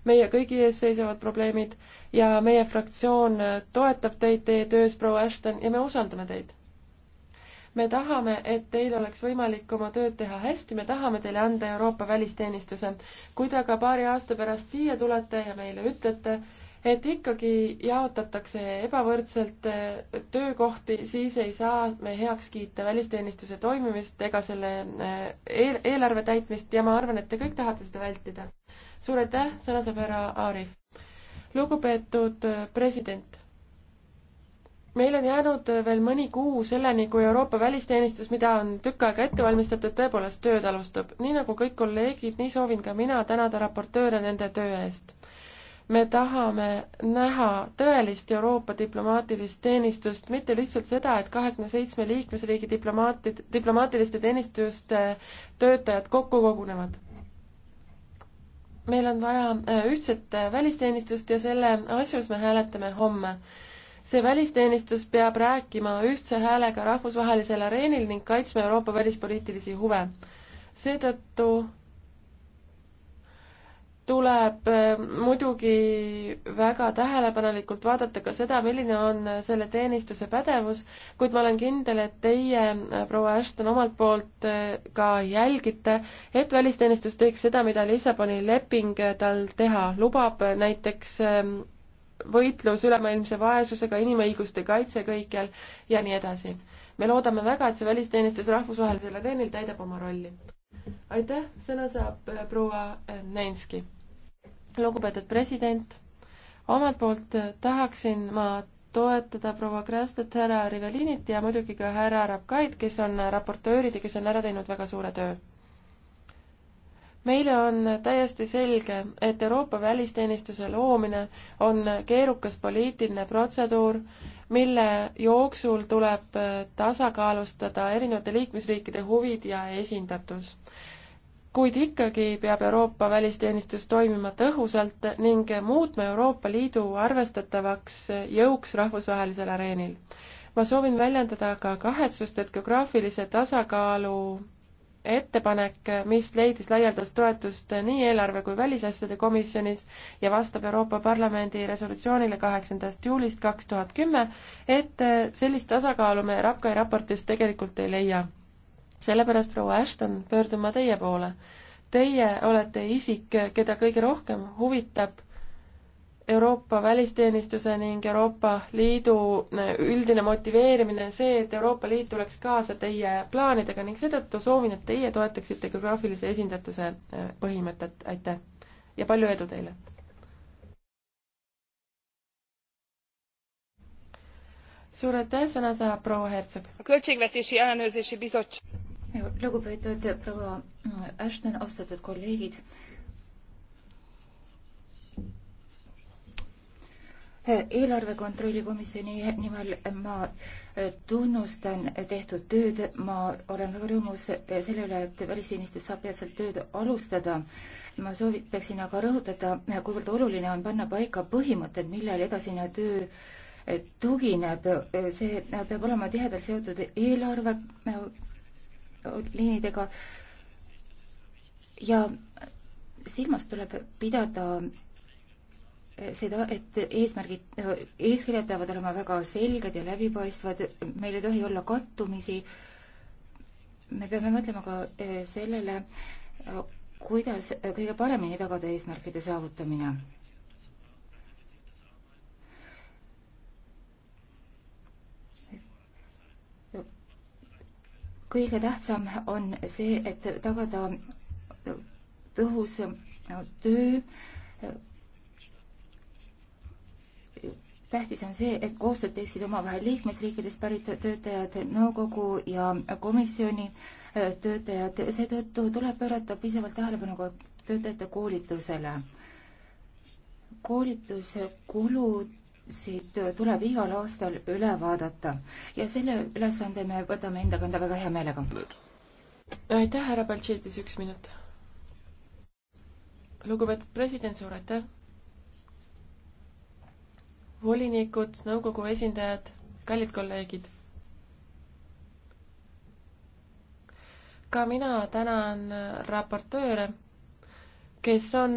meie kõigi ees seisavad probleemid ja meie fraktsioon äh, toetab teid teie töös, proua Ashton, ja me usaldame teid me tahame, et teil oleks võimalik oma tööd teha hästi, me tahame teile anda Euroopa välisteenistuse. kui te aga paari aasta pärast siia tulete ja meile ütlete, et ikkagi jaotatakse ebavõrdselt eh, töökohti, siis ei saa me heaks kiita välisteenistuse toimimist ega selle eh, eel eelarve täitmist ja ma arvan, et te kõik tahate seda vältida. suur aitäh, sõna saab härra Aarif. lugupeetud eh, president meil on jäänud äh, veel mõni kuu selleni, kui Euroopa välisteenistus, mida on tükk aega ette valmistatud, tõepoolest tööd alustab. nii nagu kõik kolleegid, nii soovin ka mina tänada raportööre nende töö eest. me tahame näha tõelist Euroopa diplomaatilist teenistust, mitte lihtsalt seda, et kahekümne seitsme liikmesriigi diplomaatid, diplomaatiliste teenistuste töötajad kokku kogunevad meil on vaja äh, ühtset äh, välisteenistust ja selle asjus me hääletame homme see välisteenistus peab rääkima ühtse häälega rahvusvahelisel areenil ning kaitsma Euroopa välispoliitilisi huve. seetõttu tuleb eh, muidugi väga tähelepanelikult vaadata ka seda, milline on eh, selle teenistuse pädevus, kuid ma olen kindel, et teie, eh, proua Ashton, omalt poolt ka jälgite, et välisteenistus teeks seda, mida Lissaboni leping tal teha lubab, näiteks võitlus ülemaailmse vaesusega, inimõiguste kaitse kõikjal ja nii edasi. me loodame väga, et see välisteenistus rahvusvahelisel areenil täidab oma rolli. aitäh, sõna saab äh, proua äh, Neinski. lugupeetud president, omalt poolt äh, tahaksin ma toetada proua Krastet, härra Rivelinit ja muidugi ka härra Rapkaid, kes on raportöörid ja kes on ära teinud väga suure töö meile on täiesti selge, et Euroopa välisteenistuse loomine on keerukas poliitiline protseduur, mille jooksul tuleb tasakaalustada erinevate liikmesriikide huvid ja esindatus kuid ikkagi peab Euroopa välisteenistus toimima tõhusalt ning muutma Euroopa Liidu arvestatavaks jõuks rahvusvahelisel areenil. ma soovin väljendada ka kahetsust, et geograafilise tasakaalu ettepanek, mis leidis laialdast toetust nii eelarve kui välisasjade komisjonis ja vastab Euroopa Parlamendi resolutsioonile kaheksandast juulist kaks tuhat kümme, et sellist tasakaalu me RAPKAI raportist tegelikult ei leia. sellepärast, proua Ashton, pöördun ma teie poole. Teie olete isik, keda kõige rohkem huvitab Euroopa välisteenistuse ning Euroopa Liidu üldine motiveerimine on see, et Euroopa Liit tuleks kaasa teie plaanidega ning seetõttu soovin, et teie toetaksite geograafilise esindatuse äh, põhimõtet, aitäh ja palju edu teile! suur aitäh, sõna saab proua Hertsog. lugupeetud proua Ashton, austatud kolleegid eelarve kontrolli komisjoni nimel ma äh, tunnustan tehtud tööd, ma olen väga rõõmus äh, selle üle, et välisteenistus saab peatselt tööd alustada. ma soovitaksin aga rõhutada, äh, kuivõrd oluline on panna paika põhimõtted, millel edasine töö tugineb, see peab olema tihedalt seotud eelarve liinidega ja silmas tuleb pidada seda, et eesmärgid, eeskirjad peavad olema väga selged ja läbipaistvad, meil ei tohi olla kattumisi. me peame mõtlema ka eh, sellele, kuidas kõige paremini tagada eesmärkide saavutamine. kõige tähtsam on see, et tagada tõhus töö tähtis on see, et koostööd teeksid omavahel liikmesriikidest pärit töötajad, nõukogu ja komisjoni äh, töötajad, seetõttu tuleb pöörata piisavalt tähelepanu ka töötajate koolitusele. koolituse kulusid tuleb igal aastal üle vaadata ja selle ülesande me võtame enda kanda väga hea meelega. aitäh, härra Baltšetis, üks minut. lugupeetud president, suur aitäh volinikud, nõukogu esindajad, kallid kolleegid. ka mina tänan raportööre, kes on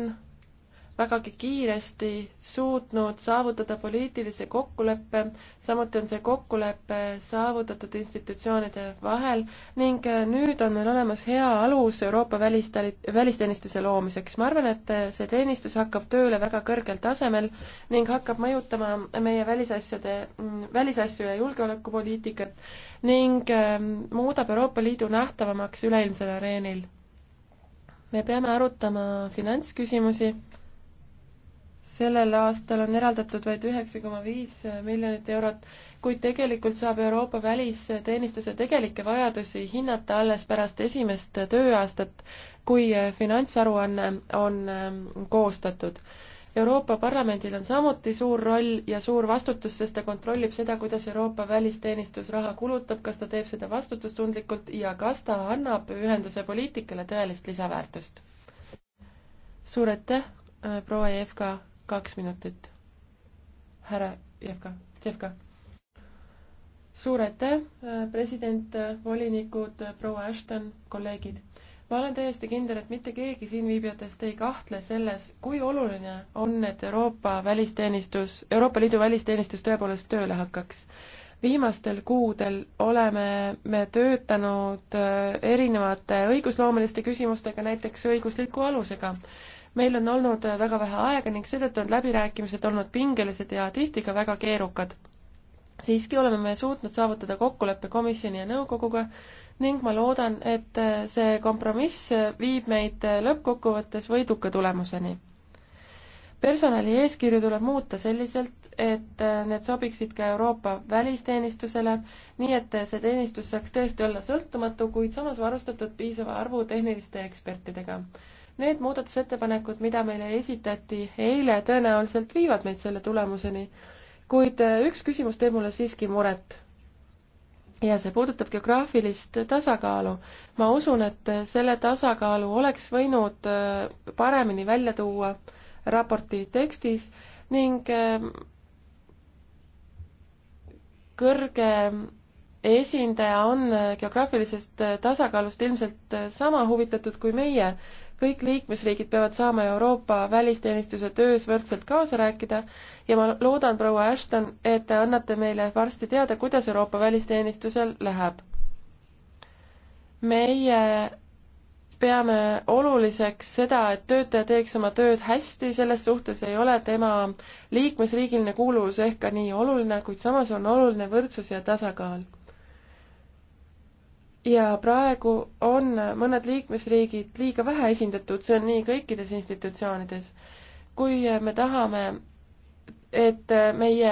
vägagi kiiresti suutnud saavutada poliitilise kokkuleppe, samuti on see kokkulepe saavutatud institutsioonide vahel ning nüüd on meil olemas hea alus Euroopa välistali-, välisteenistuse loomiseks. ma arvan, et see teenistus hakkab tööle väga kõrgel tasemel ning hakkab mõjutama meie välisasjade, välisasju ja julgeolekupoliitikat ning ähm, muudab Euroopa Liidu nähtavamaks üleilmsel areenil me peame arutama finantsküsimusi sellel aastal on eraldatud vaid üheksa koma viis miljonit eurot, kuid tegelikult saab Euroopa välisteenistuse tegelikke vajadusi hinnata alles pärast esimest tööaastat, kui finantsaruanne on, on ähm, koostatud. Euroopa Parlamendil on samuti suur roll ja suur vastutus, sest ta kontrollib seda, kuidas Euroopa välisteenistus raha kulutab, kas ta teeb seda vastutustundlikult ja kas ta annab ühenduse poliitikale tõelist lisaväärtust. suur aitäh, äh, proua Jevka kaks minutit. härra Jevka, Jevka. suur aitäh, äh, president, äh, volinikud, äh, proua Ashton, kolleegid. ma olen täiesti kindel, et mitte keegi siinviibijatest ei kahtle selles, kui oluline on, et Euroopa välisteenistus, Euroopa Liidu välisteenistus tõepoolest tööle hakkaks viimastel kuudel oleme me töötanud erinevate õigusloomeliste küsimustega, näiteks õigusliku alusega meil on olnud äh, väga vähe aega ning seetõttu on läbirääkimised olnud pingelised ja tihti ka väga keerukad. siiski oleme me suutnud saavutada kokkuleppe komisjoni ja nõukoguga ning ma loodan, et äh, see kompromiss äh, viib meid lõppkokkuvõttes võiduka tulemuseni. personali eeskirju tuleb muuta selliselt, et need sobiksid ka Euroopa välisteenistusele, nii et see teenistus saaks tõesti olla sõltumatu, kuid samas varustatud piisava arvu tehniliste ekspertidega Need muudatusettepanekud, mida meile esitati eile, tõenäoliselt viivad meid selle tulemuseni, kuid äh, üks küsimus teeb mulle siiski muret. ja see puudutab geograafilist tasakaalu. ma usun, et selle tasakaalu oleks võinud äh, paremini välja tuua raporti tekstis ning ähm, kõrge esindaja on äh, geograafilisest tasakaalust ilmselt sama huvitatud kui meie kõik liikmesriigid peavad saama Euroopa välisteenistuse töös võrdselt kaasa rääkida ja ma loodan, proua Ashton, et te annate meile varsti teada, kuidas Euroopa välisteenistusel läheb. meie peame oluliseks seda, et töötaja teeks oma tööd hästi, selles suhtes ei ole tema liikmesriigiline kuuluvus ehk ka nii oluline, kuid samas on oluline võrdsus ja tasakaal ja praegu on mõned liikmesriigid liiga vähe esindatud, see on nii kõikides institutsioonides. kui me tahame, et meie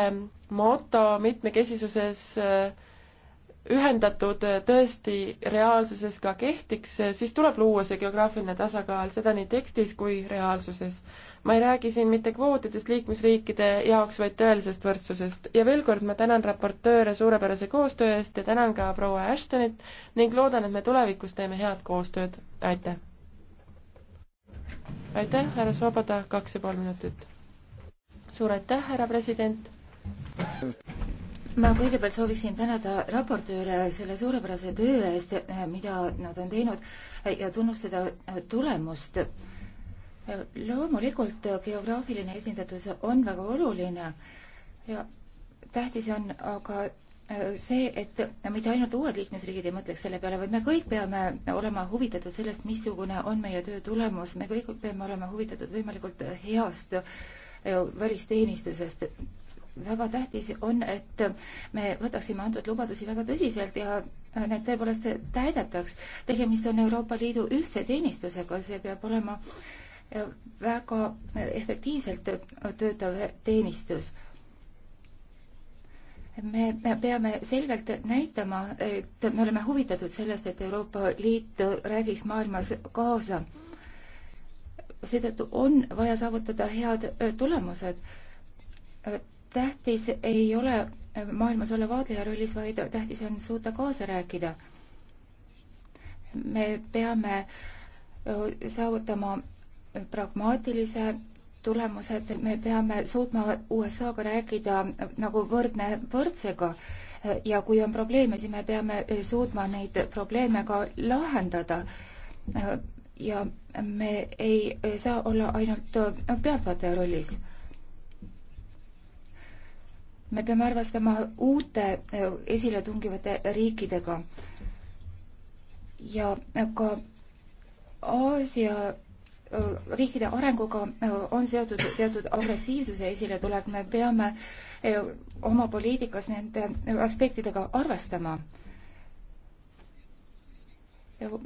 moto mitmekesisuses äh, ühendatud äh, tõesti reaalsuses ka kehtiks, äh, siis tuleb luua see geograafiline tasakaal, seda nii tekstis kui reaalsuses ma ei räägi siin mitte kvootidest liikmesriikide jaoks, vaid tõelisest võrdsusest. ja veel kord ma tänan raportööre suurepärase koostöö eest ja tänan ka proua Ashtonit ning loodan, et me tulevikus teeme head koostööd. aitäh! aitäh, härra Soboda, kaks ja pool minutit. suur aitäh, härra president! ma kõigepealt sooviksin tänada raportööre selle suurepärase töö eest, mida nad on teinud ja tunnustada tulemust loomulikult geograafiline esindatus on väga oluline ja tähtis on aga äh, see, et mitte ainult uued liikmesriigid ei mõtleks selle peale, vaid me kõik peame olema huvitatud sellest, missugune on meie töö tulemus, me kõik peame olema huvitatud võimalikult heast välisteenistusest. väga tähtis on, et me võtaksime antud lubadusi väga tõsiselt ja need tõepoolest täidetaks. tegemist on Euroopa Liidu ühtse teenistusega, see peab olema äh, väga efektiivselt töötav teenistus. me peame selgelt näitama, et me oleme huvitatud sellest, et Euroopa Liit räägiks maailmas kaasa. seetõttu on vaja saavutada head tulemused. tähtis ei ole maailmas olla vaatleja rollis, vaid tähtis on suuta kaasa rääkida. me peame saavutama pragmaatilise tulemuse, et me peame suutma USA-ga rääkida nagu võrdne võrdsega ja kui on probleeme, siis me peame suutma neid probleeme ka lahendada. ja me ei saa olla ainult pealtvaataja rollis. me peame arvestama uute esiletungivate riikidega ja ka Aasia riikide arenguga äh, on seotud teatud agressiivsuse esiletulek, me peame äh, oma poliitikas nende aspektidega arvestama.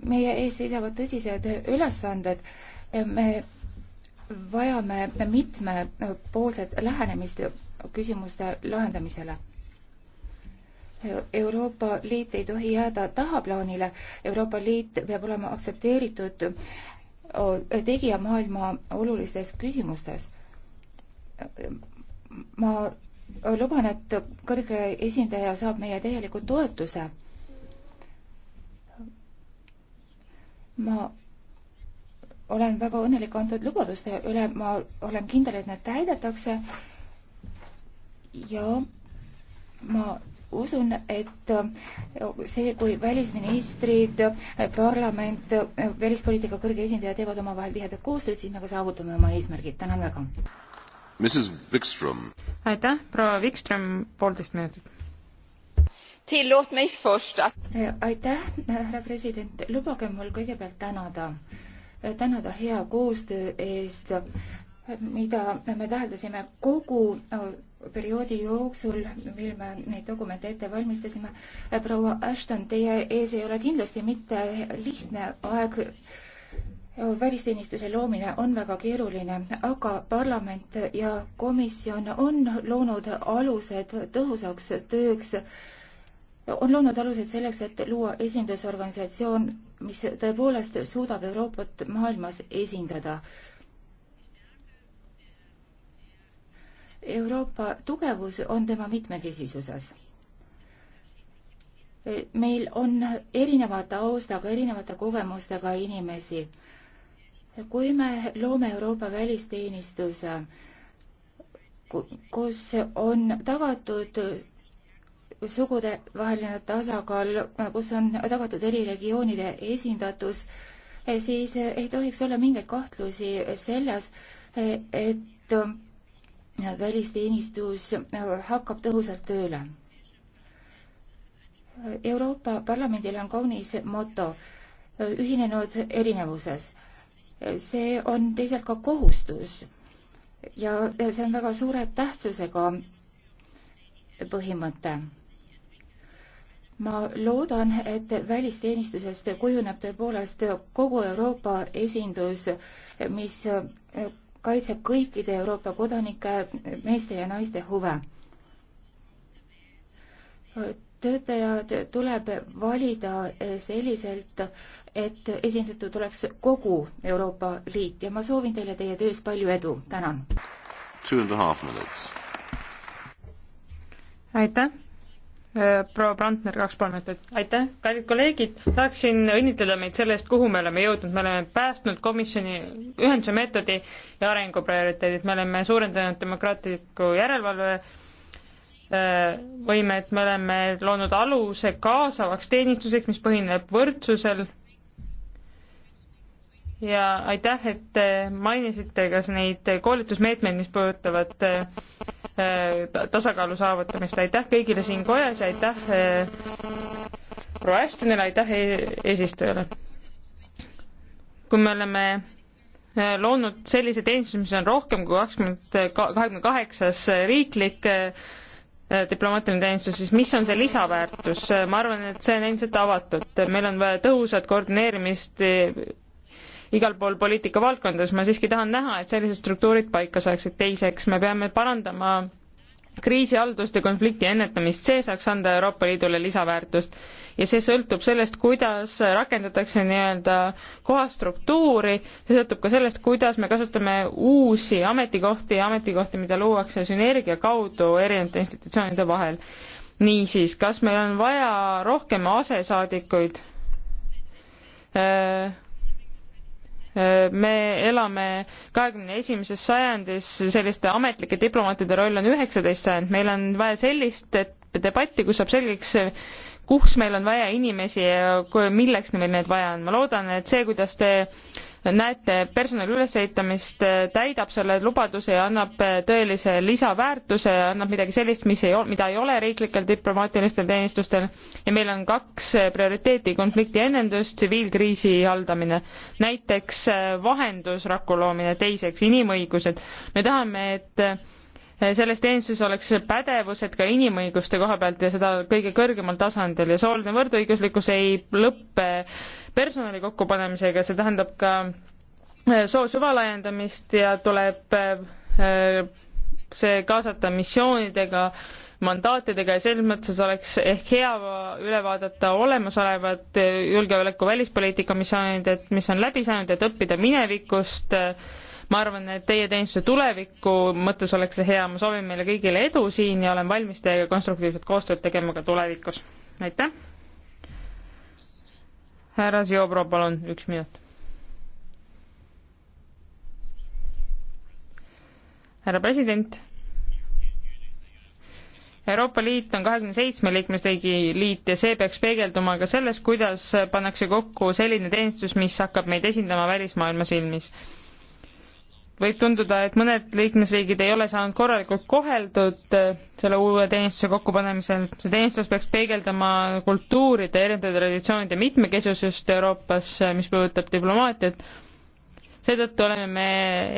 meie ees seisavad tõsised ülesanded, me vajame mitmepoolset lähenemist küsimuste lahendamisele Euroopa Liit ei tohi jääda tahaplaanile, Euroopa Liit peab olema aktsepteeritud tegija maailma olulistes küsimustes. ma luban, et kõrge esindaja saab meie täieliku toetuse. ma olen väga õnnelik antud lubaduste üle, ma olen kindel, et need täidetakse. ja ma usun, et see, kui välisministrid, parlament, välispoliitika kõrge esindaja teevad omavahel tihedat koostööd, siis me ka saavutame oma eesmärgid, tänan väga. aitäh, proua Wikström, poolteist minutit. aitäh, härra president, lubage mul kõigepealt tänada, tänada hea koostöö eest, mida me täheldasime kogu perioodi jooksul, mil me neid dokumente ette valmistasime. Äh, proua Ashton, teie ees ei ole kindlasti mitte lihtne aeg. välisteenistuse loomine on väga keeruline, aga parlament ja komisjon on loonud alused tõhusaks tööks on loonud alused selleks, et luua esindusorganisatsioon, mis tõepoolest suudab Euroopat maailmas esindada. Euroopa tugevus on tema mitmekesisuses. meil on erineva taustaga, erinevate kogemustega inimesi. kui me loome Euroopa välisteenistuse, kus on tagatud sugude vaheline tasakaal, kus on tagatud eri regioonide esindatus, siis ei tohiks olla mingeid kahtlusi selles, et välisteenistus hakkab tõhusalt tööle. Euroopa Parlamendil on kaunis moto ühinenud erinevuses. see on teisalt ka kohustus ja see on väga suure tähtsusega põhimõte. ma loodan, et välisteenistusest kujuneb tõepoolest kogu Euroopa esindus, mis kaitseb kõikide Euroopa kodanike, meeste ja naiste huve. töötajad tuleb valida selliselt, et esindatud oleks kogu Euroopa Liit ja ma soovin teile teie töös palju edu, tänan! aitäh! Äh, proua Brandner, kaks pool minutit. aitäh, kallid kolleegid, tahaksin õnnitleda meid selle eest, kuhu me oleme jõudnud, me oleme päästnud komisjoni ühenduse meetodi ja arengu prioriteedid, me oleme suurendanud demokraatliku järelevalve äh, võimet, me oleme loonud aluse kaasavaks teenistuseks, mis põhineb võrdsusel ja aitäh, et te mainisite ka neid koolitusmeetmeid, mis puudutavad äh, äh, tasakaalu saavutamist. aitäh kõigile siin kojas ja aitäh äh, proua Ashtonile, aitäh e-, eesistujale. kui me oleme loonud sellise teenistuse, mis on rohkem kui kakskümmend, kahekümne kaheksas riiklik diplomaatiline teenistus, siis mis on see lisaväärtus? ma arvan, et see on endiselt avatud. meil on vaja tõhusat koordineerimist igal pool poliitikavaldkondades, ma siiski tahan näha, et sellised struktuurid paika saaksid. teiseks, me peame parandama kriisihaldust ja konflikti ennetamist, see saaks anda Euroopa Liidule lisaväärtust. ja see sõltub sellest, kuidas rakendatakse nii-öelda kohastruktuuri, see sõltub ka sellest, kuidas me kasutame uusi ametikohti ja ametikohti, mida luuakse sünergia kaudu erinevate institutsioonide vahel. niisiis, kas meil on vaja rohkem asesaadikuid äh,? me elame kahekümne esimeses sajandis, selliste ametlike diplomaatide roll on üheksateist sajand, meil on vaja sellist debatti, kus saab selgeks, kus meil on vaja inimesi ja milleks meil neid vaja on. ma loodan, et see, kuidas te näete personali ülesehitamist, äh, täidab selle lubaduse ja annab äh, tõelise lisaväärtuse, annab midagi sellist, mis ei, mida ei ole riiklikel diplomaatilistel teenistustel ja meil on kaks äh, prioriteeti, konflikti ennendus, tsiviilkriisi haldamine. näiteks vahendus, raku loomine, teiseks inimõigused. me tahame, et selles teenistuses oleks pädevused ka inimõiguste koha pealt ja seda kõige kõrgemal tasandil ja sooline võrdõiguslikkus ei lõppe personali kokkupanemisega, see tähendab ka äh, soo süvalaiendamist ja tuleb äh, äh, see kaasata missioonidega, mandaatidega ja selles mõttes oleks ehk hea üle vaadata olemasolevad julgeoleku välispoliitika missioonid, et mis on läbi saanud, et õppida minevikust. ma arvan, et teie teenistuse tuleviku mõttes oleks see hea, ma soovin meile kõigile edu siin ja olen valmis teiega konstruktiivset koostööd tegema ka tulevikus. aitäh! härra Ziobro, palun, üks minut. härra president. Euroopa Liit on kahekümne seitsme liikmesriigi liit ja see peaks peegelduma ka selles, kuidas pannakse kokku selline teenistus, mis hakkab meid esindama välismaailma silmis võib tunduda, et mõned liikmesriigid ei ole saanud korralikult koheldud äh, selle uue teenistuse kokkupanemisel. see teenistus peaks peegeldama kultuuride, erinevate traditsioonide mitmekesisust Euroopas, äh, mis puudutab diplomaatiat. seetõttu oleme me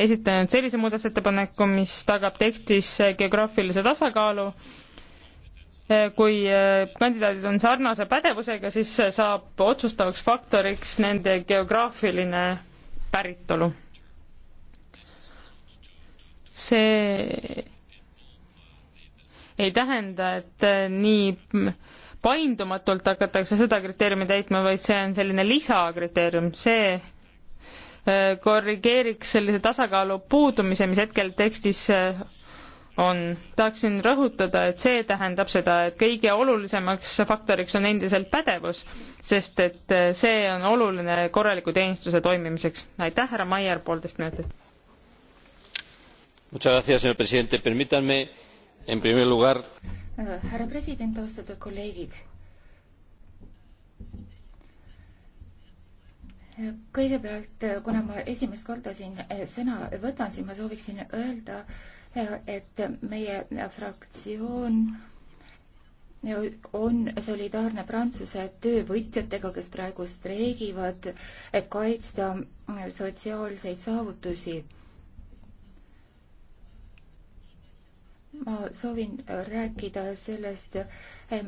esitanud sellise muudatusettepaneku, mis tagab tekstis äh, geograafilise tasakaalu. kui kandidaadid on sarnase pädevusega, siis saab otsustavaks faktoriks nende geograafiline päritolu see ei tähenda, et äh, nii paindumatult hakatakse seda kriteeriumi täitma, vaid see on selline lisakriteerium, see äh, korrigeeriks sellise tasakaalu puudumise, mis hetkel tekstis äh, on. tahaksin rõhutada, et see tähendab seda, et kõige olulisemaks faktoriks on endiselt pädevus, sest et see on oluline korraliku teenistuse toimimiseks. aitäh, härra Maier, poolteist minutit señor presidente permítanme en primer lugar härra eh, president austatud kolleegid kõigepealt eh, kuna ma esimest korda siin eh, sõna võtan siis ma sooviksin öelda et meie fraktsioon on solidaarne Prantsuse töövõtjatega, kes praegu streigivad, et kaitsta sotsiaalseid saavutusi ma soovin äh, rääkida sellest, äh,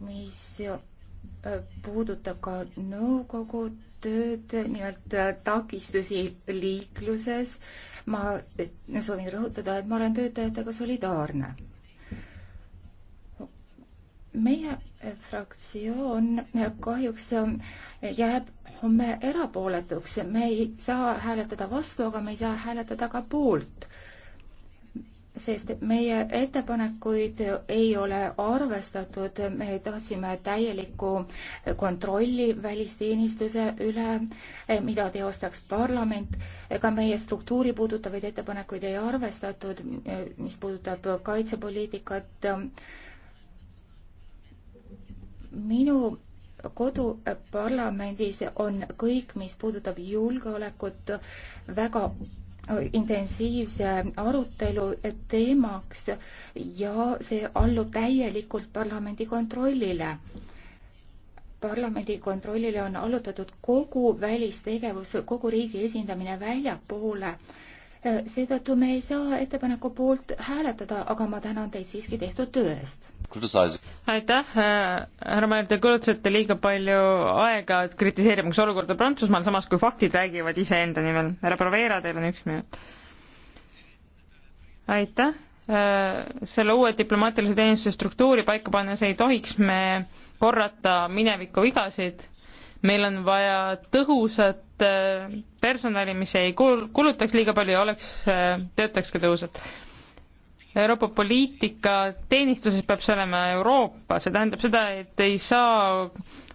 mis äh, puudutab ka nõukogu tööd, nimelt takistusi liikluses. ma soovin rõhutada, et ma olen töötajatega solidaarne. meie fraktsioon kahjuks jääb homme erapooletuks, me ei saa hääletada vastu, aga me ei saa hääletada ka poolt sest meie ettepanekuid ei ole arvestatud, me tahtsime täielikku kontrolli välisteenistuse üle, eh, mida teostaks parlament. ega meie struktuuri puudutavaid ettepanekuid ei arvestatud, eh, mis puudutab kaitsepoliitikat. minu koduparlamendis on kõik, mis puudutab julgeolekut, väga intensiivse arutelu teemaks ja see allub täielikult parlamendi kontrollile. parlamendi kontrollile on allutatud kogu välistegevus, kogu riigi esindamine väljapoole äh, Äh, seetõttu me ei saa ettepaneku poolt hääletada, aga ma tänan teid siiski tehtud töö eest. aitäh, äh, härra Maier, te kulutasite liiga palju aega kritiseerimaks olukorda Prantsusmaal, samas kui faktid räägivad iseenda nimel. härra Provera, teil on üks minut. aitäh, äh, selle uue diplomaatilise teenistuse struktuuri paika pannes ei tohiks me korrata mineviku vigasid, meil on vaja tõhusat et äh, personali, mis ei kuul-, kulutaks liiga palju ja oleks, äh, töötaks ka tõhusalt. Euroopa poliitika teenistuses peab see olema Euroopa, see tähendab seda, et ei saa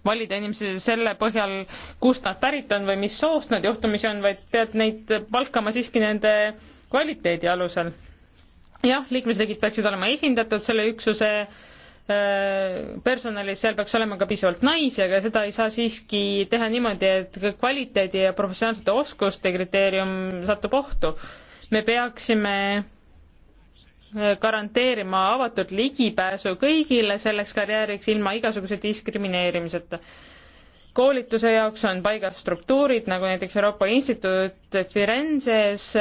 valida inimesi selle põhjal, kust nad pärit on või mis soost nad juhtumisi on, vaid pead neid palkama siiski nende kvaliteedi alusel. jah, liikmesriigid peaksid olema esindatud selle üksuse äh, personalis, seal peaks olema ka piisavalt naisi, aga seda ei saa siiski teha niimoodi, et kvaliteedi ja professionaalsete oskuste kriteerium satub ohtu. me peaksime äh, garanteerima avatud ligipääsu kõigile selleks karjääriks ilma igasuguse diskrimineerimiseta. koolituse jaoks on paigas struktuurid, nagu näiteks Euroopa Instituut Firenzes,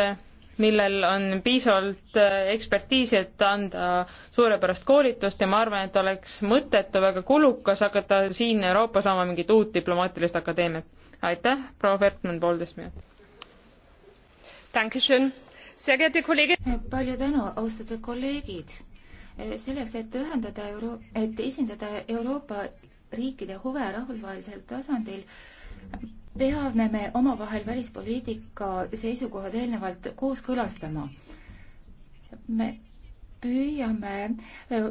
millel on piisavalt äh, ekspertiisi, et anda suurepärast koolitust ja ma arvan, et oleks mõttetu, väga kulukas hakata siin Euroopas looma mingit uut diplomaatilist akadeemiat. aitäh, proua Fertmann, poolteist minutit. palju tänu, austatud kolleegid. Äh, selleks, et ühendada Euro-, et esindada Euroopa riikide huve rahvusvahelisel tasandil, peame me omavahel välispoliitika seisukohad eelnevalt kooskõlastama. me püüame äh,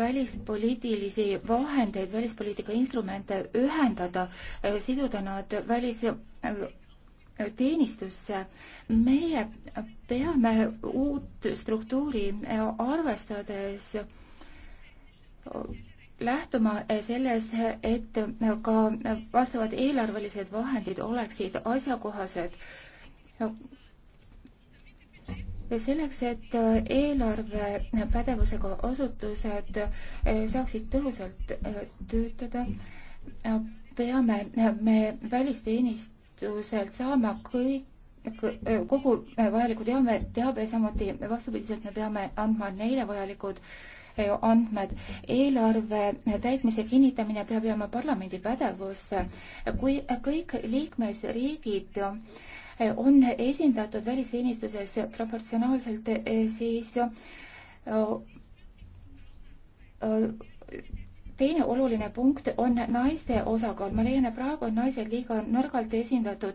välispoliitilisi vahendeid, välispoliitika instrumente ühendada, äh, siduda nad välis äh, teenistusse. meie peame uut struktuuri arvestades lähtuma eh, sellest, et eh, ka vastavad eelarvelised vahendid oleksid asjakohased. selleks, et eh, eelarve pädevusega asutused saaksid tõhusalt töötada, peame me välisteenistuselt saama kõik kogu vajaliku teame, teabe, samuti vastupidiselt me peame andma neile vajalikud äh, andmed. eelarve täitmise kinnitamine peab jääma parlamendi pädevusse. kui kõik liikmesriigid on esindatud välisteenistuses proportsionaalselt, eh, siis eh, teine oluline punkt on naiste osakaal. ma leian, et praegu on naised liiga nõrgalt esindatud.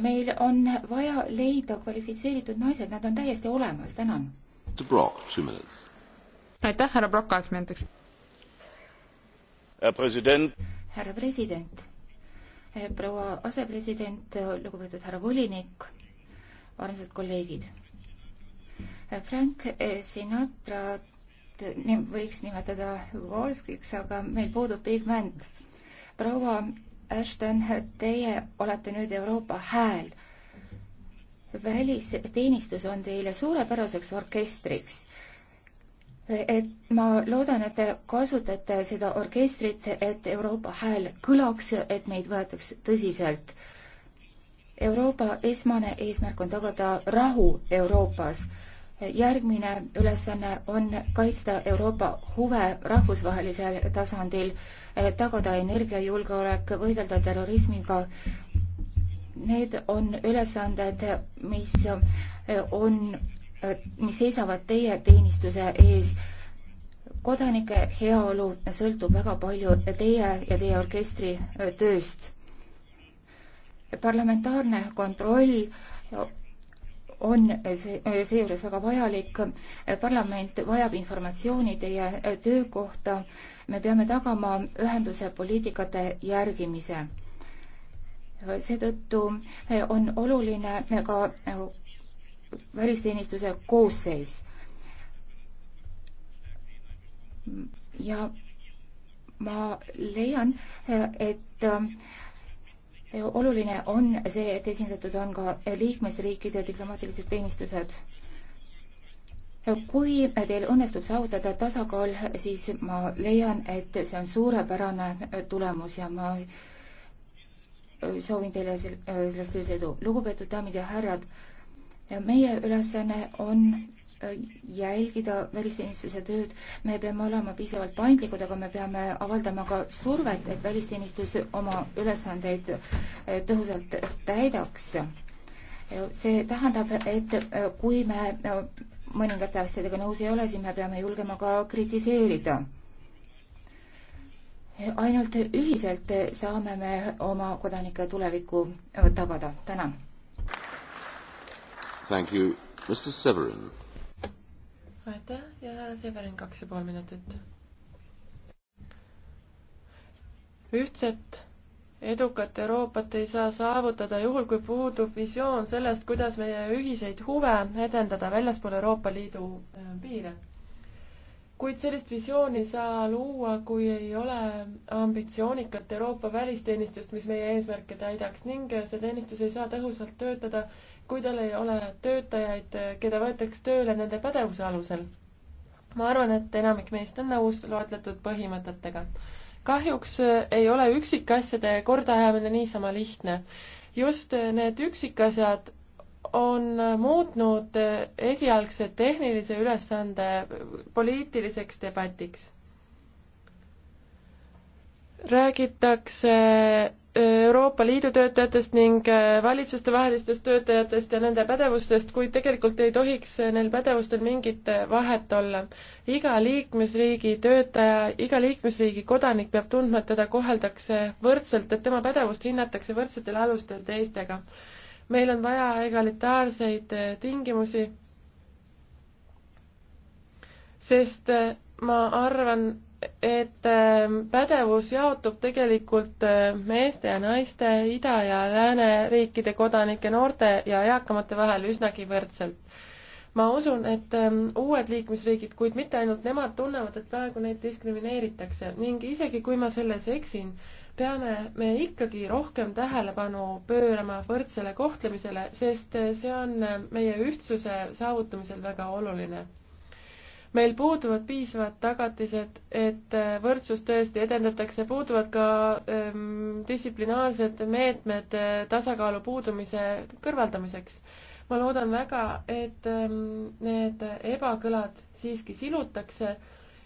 meil on vaja leida kvalifitseeritud naised, nad on täiesti olemas. tänan. Brock, two minutes aitäh, härra Brock, kaheks minutiks. härra president. härra eh, president, proua asepresident, lugupeetud härra volinik, armsad kolleegid. Eh, Frank eh, Sinatrat võiks nimetada Volskiks, aga meil puudub Big Band. proua Ashton, teie olete nüüd Euroopa hääl välisteenistus on teile suurepäraseks orkestriks et ma loodan, et te kasutate seda orkestrit, et Euroopa hääl kõlaks, et meid võetaks tõsiselt. Euroopa esmane eesmärk on tagada rahu Euroopas. järgmine ülesanne on kaitsta Euroopa huve rahvusvahelisel tasandil, tagada energiajulgeolek, võidelda terrorismiga. Need on ülesanded, mis on mis seisavad teie teenistuse ees. kodanike heaolu sõltub väga palju teie ja teie orkestri tööst. parlamentaarne kontroll on seejuures väga vajalik. parlament vajab informatsiooni teie töö kohta. me peame tagama ühenduse poliitikate järgimise. seetõttu on oluline ka välisteenistuse koosseis. ja ma leian, et äh, oluline on see, et esindatud on ka liikmesriikide diplomaatilised teenistused. kui teil õnnestub saavutada tasakaal, siis ma leian, et see on suurepärane tulemus ja ma äh, soovin teile äh, sellest töös edu. lugupeetud daamid ja härrad ja meie ülesanne on äh, jälgida välisteenistuse tööd, me peame olema piisavalt paindlikud, aga me peame avaldama ka survet, et välisteenistus oma ülesandeid äh, tõhusalt täidaks. see tähendab, et äh, kui me mõningate asjadega nõus ei ole, siis me peame julgema ka kritiseerida. ainult ühiselt saame me oma kodanike tulevikku tagada. tänan Thank you. Mr Severin. aitäh ja härra Severin, kaks ja pool minutit. ühtset edukat Euroopat ei saa saavutada juhul, kui puudub visioon sellest, kuidas meie ühiseid huve edendada väljaspool Euroopa Liidu äh, piire. kuid sellist visiooni ei saa luua, kui ei ole ambitsioonikat Euroopa välisteenistust, mis meie eesmärke täidaks ning see teenistus ei saa tõhusalt töötada, kui tal ei ole töötajaid, keda võetakse tööle nende pädevuse alusel. ma arvan, et enamik meist on nõus loetletud põhimõtetega. kahjuks ei ole üksikasjade kordaajamine niisama lihtne. just need üksikasjad on muutnud esialgse tehnilise ülesande poliitiliseks debatiks räägitakse äh, Euroopa Liidu töötajatest ning äh, valitsuste vahelistest töötajatest ja nende pädevustest, kuid tegelikult ei tohiks äh, neil pädevustel mingit vahet olla. iga liikmesriigi töötaja, iga liikmesriigi kodanik peab tundma, et teda koheldakse võrdselt, et tema pädevust hinnatakse võrdsetel alustel teistega. meil on vaja egalitaarseid tingimusi, sest ma arvan, et ähm, pädevus jaotub tegelikult äh, meeste ja naiste, ida- ja lääneriikide kodanike, noorte ja eakamate vahel üsnagi võrdselt. ma usun, et ähm, uued liikmesriigid, kuid mitte ainult nemad, tunnevad, et praegu neid diskrimineeritakse ning isegi kui ma selles eksin, peame me ikkagi rohkem tähelepanu pöörama võrdsele kohtlemisele, sest äh, see on äh, meie ühtsuse saavutamisel väga oluline meil puuduvad piisavad tagatised, et äh, võrdsust tõesti edendatakse, puuduvad ka ähm, distsiplinaarsed meetmed äh, tasakaalu puudumise kõrvaldamiseks. ma loodan väga, et ähm, need ebakõlad siiski silutakse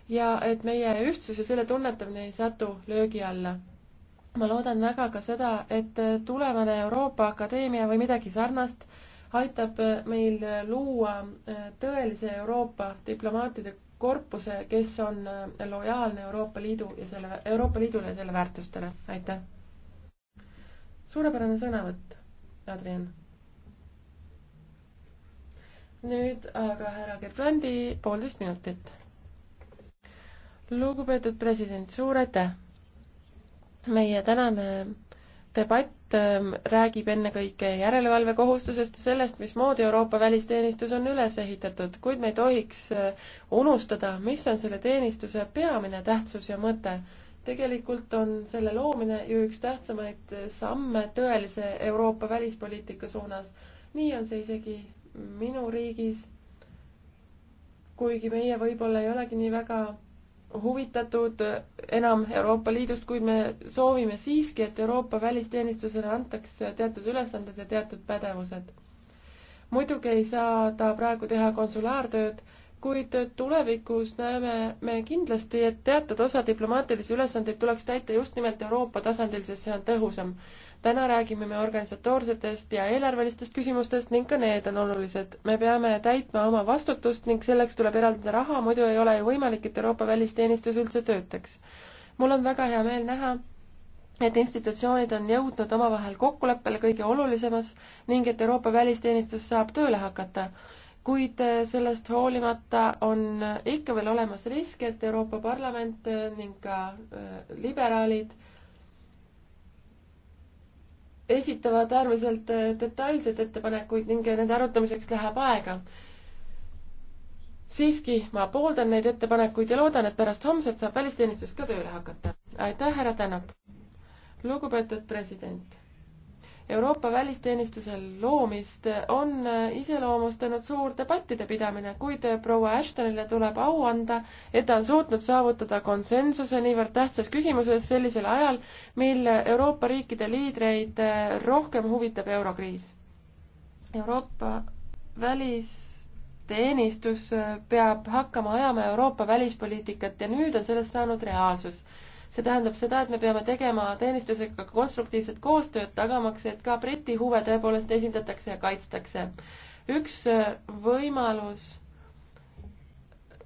ja et meie ühtsus ja selle tunnetamine ei satu löögi alla. ma loodan väga ka seda, et äh, tulevane Euroopa Akadeemia või midagi sarnast äh, aitab äh, meil äh, luua äh, tõelise Euroopa diplomaatide korpuse, kes on lojaalne Euroopa Liidu ja selle, Euroopa Liidule ja selle väärtustele. aitäh! suurepärane sõnavõtt, Adrian. nüüd aga härra Gerbrandi poolteist minutit. lugupeetud president, suur aitäh! meie tänane debatt ähm, räägib ennekõike järelevalvekohustusest ja sellest, mismoodi Euroopa välisteenistus on üles ehitatud, kuid me ei tohiks äh, unustada, mis on selle teenistuse peamine tähtsus ja mõte. tegelikult on selle loomine ju üks tähtsamaid samme tõelise Euroopa välispoliitika suunas. nii on see isegi minu riigis, kuigi meie võib-olla ei olegi nii väga huvitatud enam Euroopa Liidust, kuid me soovime siiski, et Euroopa välisteenistusele antaks teatud ülesanded ja teatud pädevused. muidugi ei saa ta praegu teha konsulaartööd, kuid tulevikus näeme me kindlasti, et teatud osa diplomaatilisi ülesandeid tuleks täita just nimelt Euroopa tasandil, sest see on tõhusam täna räägime me organisatoorsetest ja eelarvelistest küsimustest ning ka need on olulised. me peame täitma oma vastutust ning selleks tuleb eraldada raha, muidu ei ole ju võimalik, et Euroopa välisteenistus üldse töötaks. mul on väga hea meel näha, et institutsioonid on jõudnud omavahel kokkuleppele kõige olulisemas ning et Euroopa välisteenistus saab tööle hakata kuid äh, sellest hoolimata on ikka veel olemas risk, et Euroopa Parlament äh, ning ka äh, liberaalid esitavad äärmiselt äh, detailseid ettepanekuid ning nende arutamiseks läheb aega. siiski, ma pooldan neid ettepanekuid ja loodan, et pärast homset saab välisteenistus ka tööle hakata. aitäh, härra Tänak! lugupeetud president Euroopa välisteenistuse loomist on äh, iseloomustanud suur debattide pidamine, kuid äh, proua Ashtonile tuleb au anda, et ta on suutnud saavutada konsensuse niivõrd tähtsas küsimuses sellisel ajal, mil äh, Euroopa riikide liidreid rohkem huvitab eurokriis. Euroopa välisteenistus peab hakkama ajama Euroopa välispoliitikat ja nüüd on sellest saanud reaalsus see tähendab seda, et me peame tegema teenistusega konstruktiivset koostööd, tagamaks, et ka Briti huve tõepoolest esindatakse ja kaitstakse. üks äh, võimalus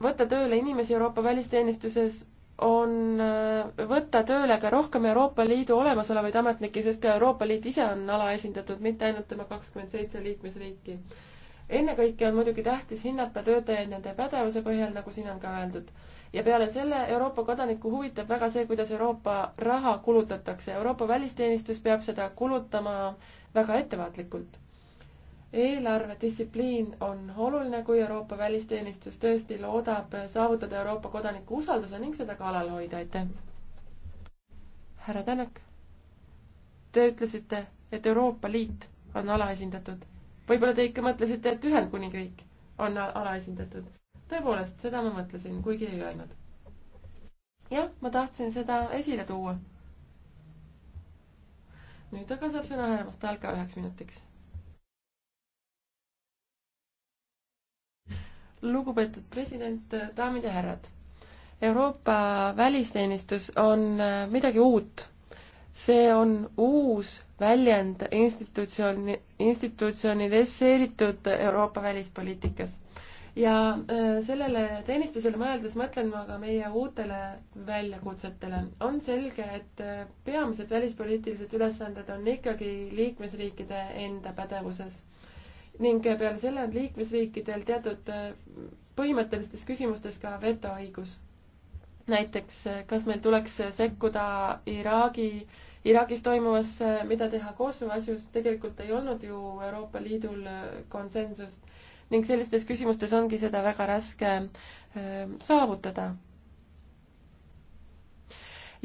võtta tööle inimesi Euroopa välisteenistuses on äh, võtta tööle ka rohkem Euroopa Liidu olemasolevaid ametnikke, sest ka Euroopa Liit ise on alaesindatud, mitte ainult tema kakskümmend seitse liikmesriiki. ennekõike on muidugi tähtis hinnata töötajaid nende pädevuse põhjal, nagu siin on ka öeldud ja peale selle Euroopa kodanikku huvitab väga see, kuidas Euroopa raha kulutatakse. Euroopa välisteenistus peab seda kulutama väga ettevaatlikult. eelarvedistsipliin on oluline, kui Euroopa välisteenistus tõesti loodab saavutada Euroopa kodaniku usalduse ning seda ka alal hoida, aitäh. härra Tänak, te ütlesite, et Euroopa Liit on alaesindatud. võib-olla te ikka mõtlesite, et Ühendkuningriik on alaesindatud? tõepoolest, seda ma mõtlesin, kuigi ei öelnud. jah, ma tahtsin seda esile tuua. nüüd aga saab sõna härra Mastalka üheks minutiks. lugupeetud president, daamid ja härrad. Euroopa välisteenistus on äh, midagi uut see on uus väljend institutsiooni, institutsionaliseeritud Euroopa välispoliitikas ja äh, sellele teenistusele mõeldes mõtlen ma ka meie uutele väljakutsetele. on selge, et äh, peamised välispoliitilised ülesanded on ikkagi liikmesriikide enda pädevuses ning peale selle on liikmesriikidel teatud äh, põhimõttelistes küsimustes ka vetoõigus. näiteks, kas meil tuleks sekkuda Iraagi Iraagis toimuvasse, mida teha Kosovo asjus, tegelikult ei olnud ju Euroopa Liidul konsensust ning sellistes küsimustes ongi seda väga raske ähm, saavutada.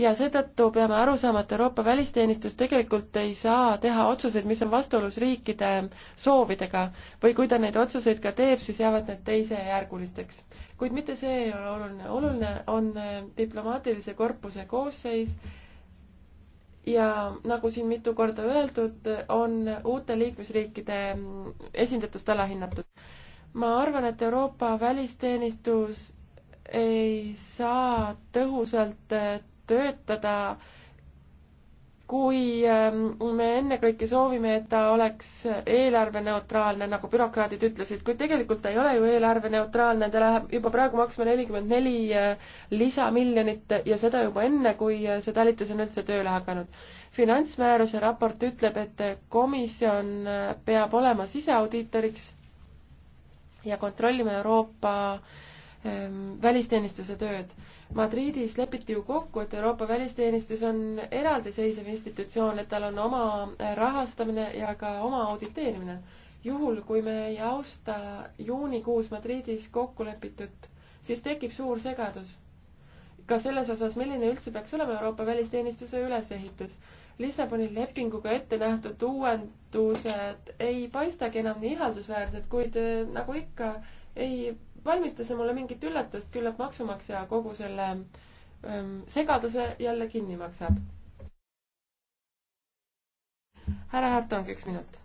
ja seetõttu peame aru saama, et Euroopa välisteenistus tegelikult ei saa teha otsuseid, mis on vastuolus riikide soovidega või kui ta neid otsuseid ka teeb, siis jäävad need teisejärgulisteks. kuid mitte see ei ole oluline, oluline on äh, diplomaatilise korpuse koosseis ja nagu siin mitu korda öeldud, on uute liikmesriikide esindatust alahinnatud. ma arvan, et Euroopa välisteenistus ei saa tõhusalt töötada äh, kui ähm, me ennekõike soovime, et ta oleks eelarveneutraalne, nagu bürokraadid ütlesid, kuid tegelikult ta ei ole ju eelarveneutraalne, ta läheb juba praegu maksma nelikümmend neli äh, lisamiljonit ja seda juba enne, kui äh, see talitus on üldse tööle hakanud. finantsmääruse raport ütleb, et komisjon äh, peab olema siseaudiitoriks ja kontrollima Euroopa ähm, välisteenistuse tööd Madridis lepiti ju kokku, et Euroopa välisteenistus on eraldiseisev institutsioon, et tal on oma äh, rahastamine ja ka oma auditeerimine. juhul, kui me ei austa juunikuus Madridis kokku lepitut, siis tekib suur segadus ka selles osas, milline üldse peaks olema Euroopa välisteenistuse ülesehitus. Lissaboni lepinguga ette nähtud uuendused ei paistagi enam nii ihaldusväärsed, kuid äh, nagu ikka, ei valmistas see mulle mingit üllatust, küllap maksumaksja kogu selle ähm, segaduse jälle kinni maksab. härra Hartong, üks minut.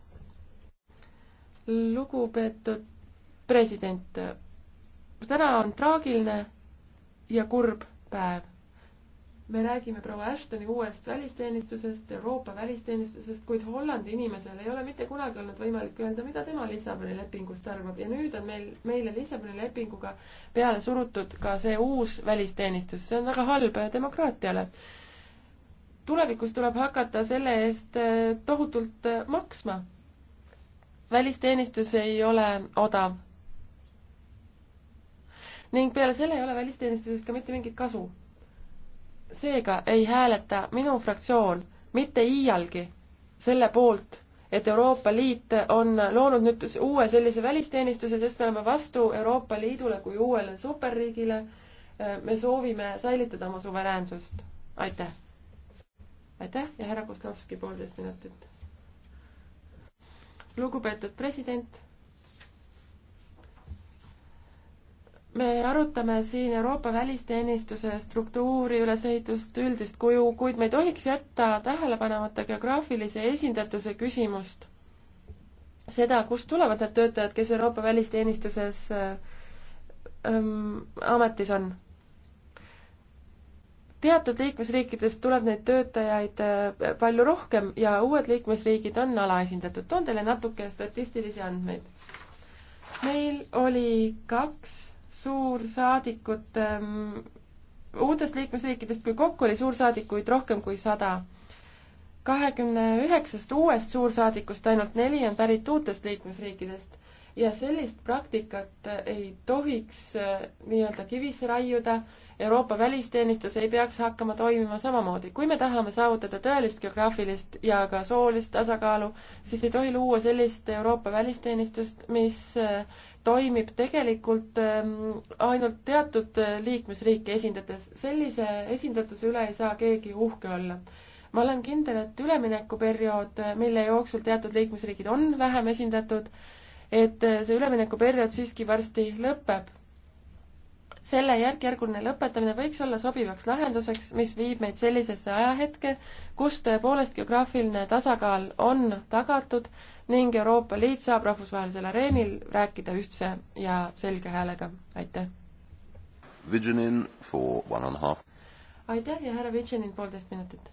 lugupeetud president, täna on traagiline ja kurb päev me räägime proua Ashtoni uuest välisteenistusest, Euroopa välisteenistusest, kuid Hollandi inimesel ei ole mitte kunagi olnud võimalik öelda, mida tema Lissaboni lepingust arvab ja nüüd on meil, meile Lissaboni lepinguga peale surutud ka see uus välisteenistus, see on väga halb demokraatiale. tulevikus tuleb hakata selle eest eh, tohutult eh, maksma. välisteenistus ei ole odav. ning peale selle ei ole välisteenistusest ka mitte mingit kasu seega ei hääleta minu fraktsioon mitte iialgi selle poolt, et Euroopa Liit on loonud nüüd uue sellise välisteenistuse, sest me oleme vastu Euroopa Liidule kui uuele superriigile. me soovime säilitada oma suveräänsust. aitäh. aitäh ja härra Kostovski poolteist minutit. lugupeetud president me arutame siin Euroopa välisteenistuse struktuuri ülesehitust, üldist kuju, kuid me ei tohiks jätta tähelepanemata geograafilise esindatuse küsimust. seda, kust tulevad need töötajad, kes Euroopa välisteenistuses ähm, ametis on. teatud liikmesriikidest tuleb neid töötajaid äh, palju rohkem ja uued liikmesriigid on alaesindatud. toon teile natuke statistilisi andmeid. meil oli kaks suursaadikut ähm, mm, uutest liikmesriikidest, kui kokku oli suursaadikuid rohkem kui sada. kahekümne üheksast uuest suursaadikust ainult neli on pärit uutest liikmesriikidest ja sellist praktikat ei tohiks äh, nii-öelda kivisse raiuda äh,, Euroopa välisteenistus ei peaks hakkama toimima samamoodi. kui me tahame saavutada tõelist geograafilist ja ka soolist tasakaalu, siis ei tohi luua sellist Euroopa välisteenistust, mis äh, toimib tegelikult ähm, ainult teatud äh, liikmesriike esindades. sellise esindatuse üle ei saa keegi uhke olla ma olen kindel, et üleminekuperiood, äh, mille jooksul teatud liikmesriigid on vähem esindatud, et see üleminekuperiood siiski varsti lõpeb selle järk-järguline lõpetamine võiks olla sobivaks lahenduseks, mis viib meid sellisesse ajahetke, kus tõepoolest geograafiline tasakaal on tagatud ning Euroopa Liit saab rahvusvahelisel areenil rääkida ühtse ja selge häälega. aitäh! Aitäh ja härra Vitšenin, poolteist minutit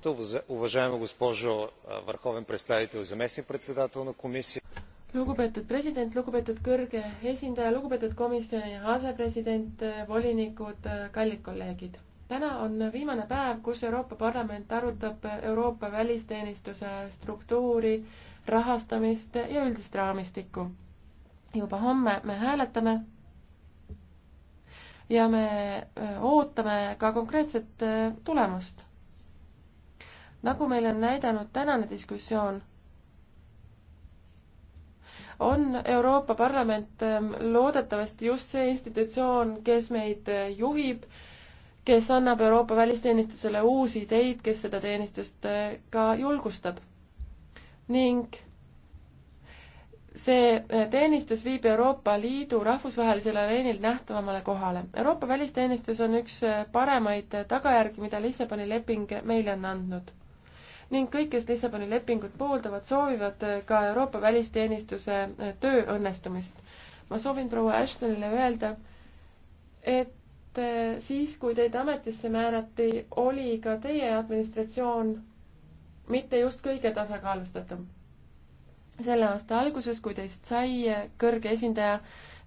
lugupeetud president, lugupeetud kõrge esindaja, lugupeetud komisjoni asepresident, volinikud, kallid kolleegid. täna on viimane päev, kus Euroopa Parlament arutab Euroopa välisteenistuse struktuuri, rahastamist ja üldist raamistikku. juba homme me hääletame ja me ootame ka konkreetset tulemust. nagu meile on näidanud tänane diskussioon on Euroopa Parlament ähm, loodetavasti just see institutsioon, kes meid äh, juhib, kes annab Euroopa välisteenistusele uusi ideid, kes seda teenistust äh, ka julgustab. ning see äh, teenistus viib Euroopa Liidu rahvusvahelisel areenil nähtavamale kohale. Euroopa välisteenistus on üks paremaid tagajärgi, mida Lissaboni leping meile on andnud ning kõik, kes Lissaboni lepingut pooldavad, soovivad eh, ka Euroopa välisteenistuse eh, töö õnnestumist. ma soovin proua Ashtonile öelda, et eh, siis, kui teid ametisse määrati, oli ka teie administratsioon mitte just kõige tasakaalustatum. selle aasta alguses, kui teist sai kõrge esindaja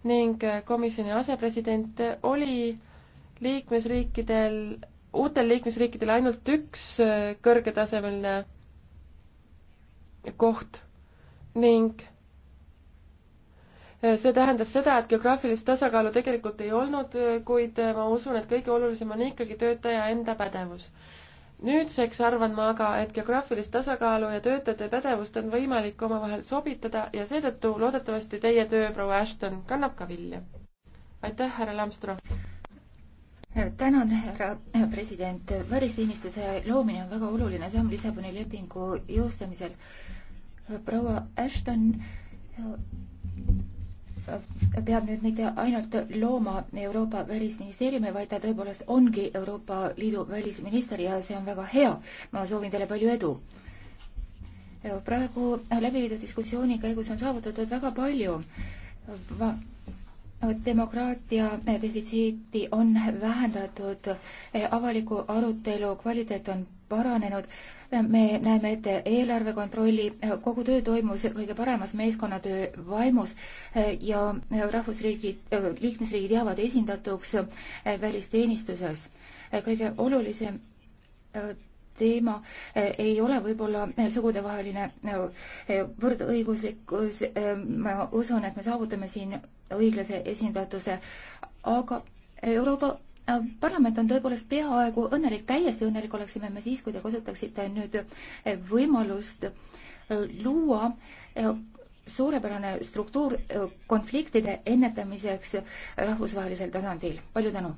ning komisjoni asepresident, oli liikmesriikidel uutel liikmesriikidel ainult üks äh, kõrgetasemeline koht ning äh, see tähendas seda, et geograafilist tasakaalu tegelikult ei olnud, äh, kuid ma usun, et kõige olulisem on ikkagi töötaja enda pädevus. nüüdseks arvan ma aga, et geograafilist tasakaalu ja töötajate pädevust on võimalik omavahel sobitada ja seetõttu loodetavasti teie töö, proua Ashton, kannab ka vilja. aitäh, härra Lamstrov! tänan, härra president. välisteenistuse loomine on väga oluline samm Lissaboni lepingu jõustamisel. proua Ashton peab nüüd mitte ainult looma Euroopa välisministeeriumi, vaid ta tõepoolest ongi Euroopa Liidu välisminister ja see on väga hea. ma soovin teile palju edu. praegu läbi viidud diskussiooni käigus on saavutatud väga palju ma demokraatia defitsiiti on vähendatud, avaliku arutelu kvaliteet on paranenud, me näeme ette eelarve kontrolli, kogu töö toimus kõige paremas meeskonnatöö vaimus ja rahvusriigid, liikmesriigid jäävad esindatuks välisteenistuses. kõige olulisem teema eh, ei ole võib-olla eh, sugudevaheline eh, võrdõiguslikkus. ma usun, et me saavutame siin õiglase esindatuse, aga Euroopa parlament on tõepoolest peaaegu õnnelik, täiesti õnnelik oleksime me siis, kui te kasutaksite nüüd võimalust luua suurepärane struktuur konfliktide ennetamiseks rahvusvahelisel tasandil. palju tänu!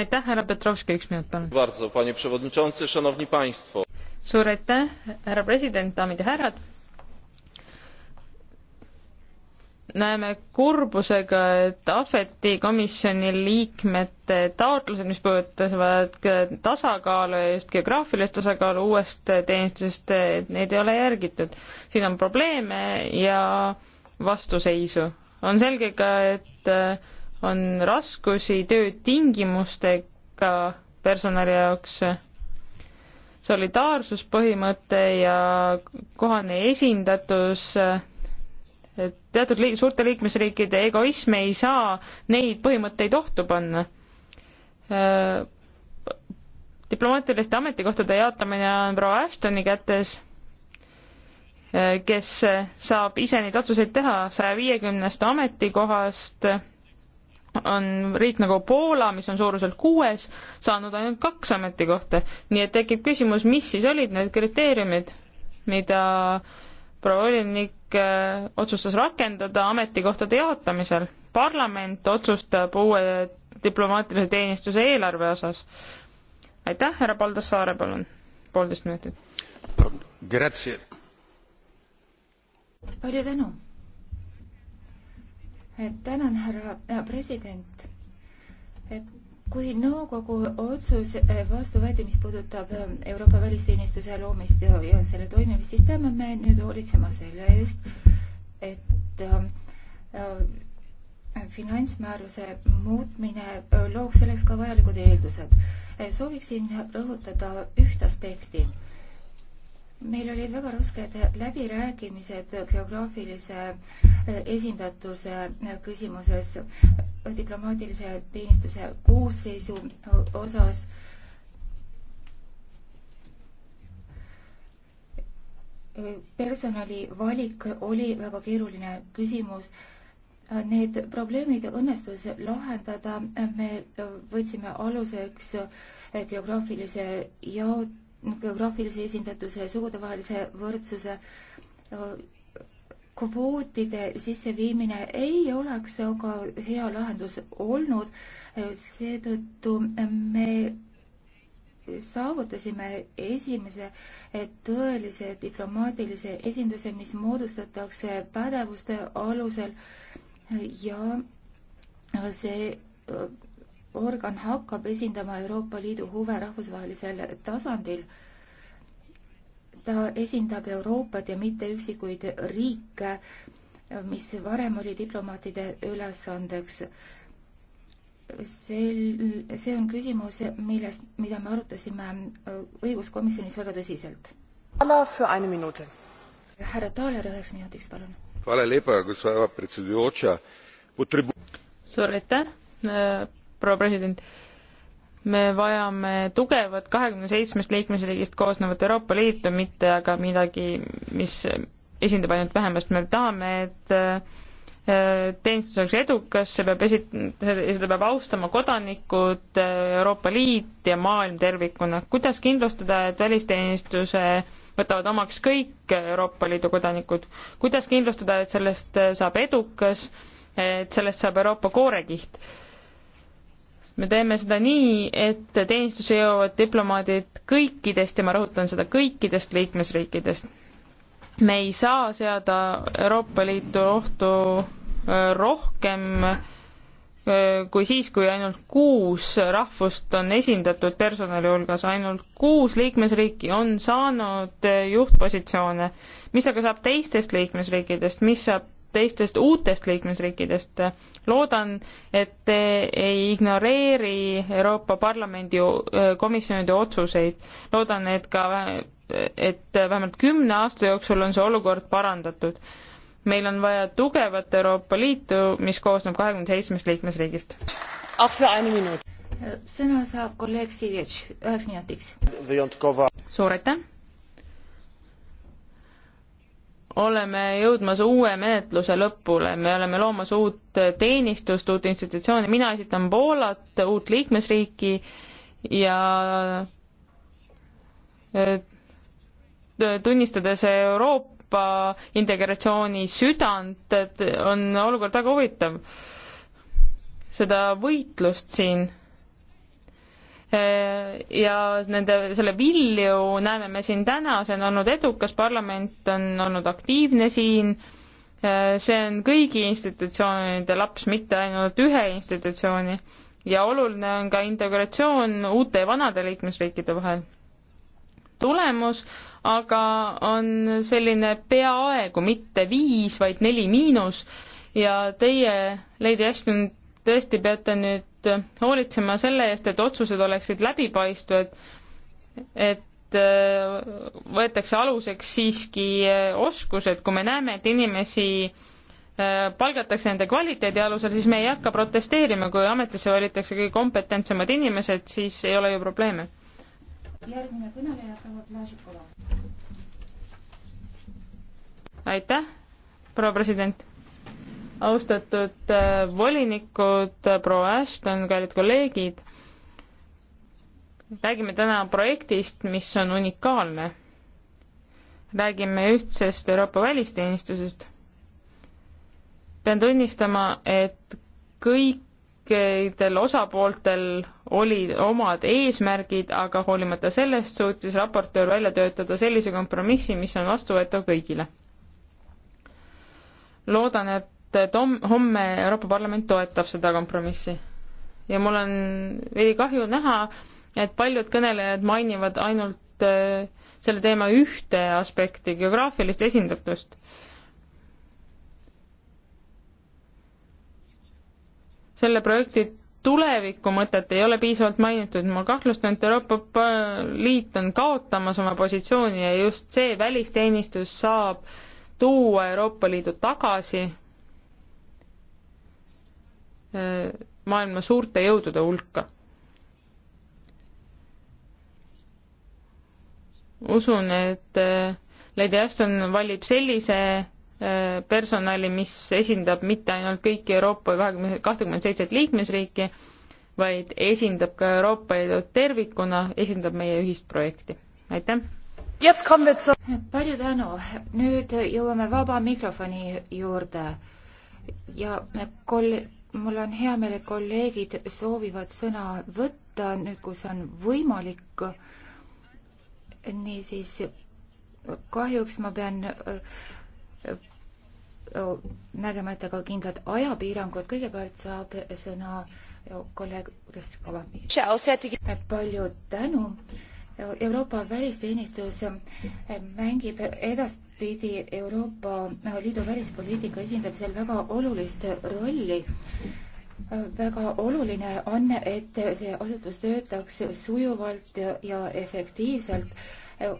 aitäh, härra Petrovski, üks minut palun. suur aitäh, härra president, daamid ja härrad. näeme kurbusega, et Ahveti komisjoni liikmete taotlused, mis puudutavad tasakaalu ja just geograafilist tasakaalu uuest teenistusest, et neid ei ole järgitud. siin on probleeme ja vastuseisu. on selge ka, et on raskusi töötingimustega personali jaoks, solidaarsuspõhimõte ja kohane esindatus, teatud liik-, suurte liikmesriikide egoism ei saa neid põhimõtteid ohtu panna. diplomaatiliste ametikohtade jaotamine on proua Ashtoni kätes kes saab ise neid otsuseid teha saja viiekümnest ametikohast on riik nagu Poola, mis on suuruselt kuues, saanud ainult kaks ametikohta. nii et tekib küsimus, mis siis olid need kriteeriumid, mida proua volinik äh, otsustas rakendada ametikohtade jaotamisel. parlament otsustab uue diplomaatilise teenistuse eelarve osas. aitäh, härra Paldassaare, palun, poolteist minutit. palju tänu tänan, härra äh, president. kui nõukogu otsus äh, vastu võeti, mis puudutab äh, Euroopa välisteenistuse loomist ja, ja selle toimimist, siis peame me nüüd hoolitsema selle eest, et äh, finantsmääruse muutmine looks selleks ka vajalikud eeldused. sooviksin rõhutada ühte aspekti meil olid väga rasked läbirääkimised geograafilise äh, esindatuse äh, küsimuses, äh, diplomaatilise teenistuse koosseisu osas. personali valik oli väga keeruline küsimus Need probleemid õnnestus lahendada, me võtsime aluseks geograafilise jaot-, Nagu geograafilise esindatuse, sugudevahelise võrdsuse kvootide sisseviimine ei oleks aga hea lahendus olnud, seetõttu me saavutasime esimese e, tõelise diplomaatilise esinduse, mis moodustatakse pädevuste alusel ja see organ hakkab esindama Euroopa Liidu huve rahvusvahelisel tasandil. ta esindab Euroopat ja mitte üksikuid riike, mis varem oli diplomaatide ülesandeks. sel, see on küsimus, millest, mida me arutasime õiguskomisjonis väga tõsiselt. härra Taaler üheks minutiks, palun. suur aitäh proua president, me vajame tugevat kahekümne seitsmest liikmesriigist koosnevat Euroopa Liitu, mitte aga midagi, mis esindab ainult vähemust, me tahame, et äh, teenistus oleks edukas, see peab esi-, seda peab austama kodanikud, äh, Euroopa Liit ja maailm tervikuna. kuidas kindlustada, et välisteenistuse võtavad omaks kõik Euroopa Liidu kodanikud, kuidas kindlustada, et sellest äh, saab edukas, et sellest saab Euroopa koorekiht? me teeme seda nii, et teenistusse jõuavad diplomaadid kõikidest ja ma rõhutan seda kõikidest liikmesriikidest. me ei saa seada Euroopa Liitu ohtu äh, rohkem äh, kui siis, kui ainult kuus rahvust on esindatud personali hulgas, ainult kuus liikmesriiki on saanud äh, juhtpositsioone. mis aga saab teistest liikmesriikidest, mis saab teistest uutest liikmesriikidest. loodan, et te ei ignoreeri Euroopa Parlamendi komisjonide otsuseid. loodan, et ka, et vähemalt kümne aasta jooksul on see olukord parandatud. meil on vaja tugevat Euroopa Liitu, mis koosneb kahekümne seitsmest liikmesriigist. sõna saab kolleeg Sivjetš üheks minutiks. suur aitäh! oleme jõudmas uue menetluse lõpule, me oleme loomas uut teenistust, uut institutsiooni, mina esitan Poolat, uut liikmesriiki ja eh, tunnistades Euroopa integratsiooni südant, et on olukord väga huvitav. seda võitlust siin Äh, ja nende, selle vilju näeme me siin täna, see on olnud edukas, parlament on olnud aktiivne siin, äh, see on kõigi institutsioonide laps, mitte ainult ühe institutsiooni. ja oluline on ka integratsioon uute ja vanade liikmesriikide vahel. tulemus aga on selline peaaegu mitte viis, vaid neli miinus ja teie, Lady Ashton, tõesti peate nüüd peavad hoolitsema selle eest, et otsused oleksid läbipaistvad, et äh, võetakse aluseks siiski äh, oskused, kui me näeme, et inimesi äh, palgatakse nende kvaliteedi alusel, siis me ei hakka protesteerima, kui ametisse valitakse kõige kompetentsemad inimesed, siis ei ole ju probleeme. järgmine kõneleja, proua Plažikova. aitäh, proua president austatud äh, volinikud, äh, proua Ashton, kallid kolleegid. räägime täna projektist, mis on unikaalne. räägime ühtsest Euroopa välisteenistusest. pean tunnistama, et kõikidel osapooltel olid omad eesmärgid, aga hoolimata sellest suutis raportöör välja töötada sellise kompromissi, mis on vastuvõetav kõigile. loodan, et et homme Euroopa Parlament toetab seda kompromissi. ja mul on veidi kahju näha, et paljud kõnelejad mainivad ainult äh, selle teema ühte aspekti, geograafilist esindatust. selle projekti tuleviku mõtet ei ole piisavalt mainitud, ma kahtlustan, et Euroopa Liit on kaotamas oma positsiooni ja just see välisteenistus saab tuua Euroopa Liidu tagasi maailma suurte jõudude hulka. usun, et äh, Lady Ashton valib sellise äh, personali, mis esindab mitte ainult kõiki Euroopa kahekümne, kahtekümmet seitset liikmesriiki, vaid esindab ka Euroopa Liidu tervikuna, esindab meie ühist projekti. aitäh! palju tänu, nüüd jõuame vaba mikrofoni juurde ja kol-, mul on hea meel, et kolleegid soovivad sõna võtta nüüd, kui see on võimalik. niisiis, kahjuks ma pean äh, nägema ette ka kindlad ajapiirangud, kõigepealt saab sõna kolleeg Kristjan Kava. palju tänu Euroopa välisteenistus eh, mängib edaspidi Euroopa eh, Liidu välispoliitika esindamisel väga olulist rolli. Eh, väga oluline on, et see asutus töötaks sujuvalt ja efektiivselt.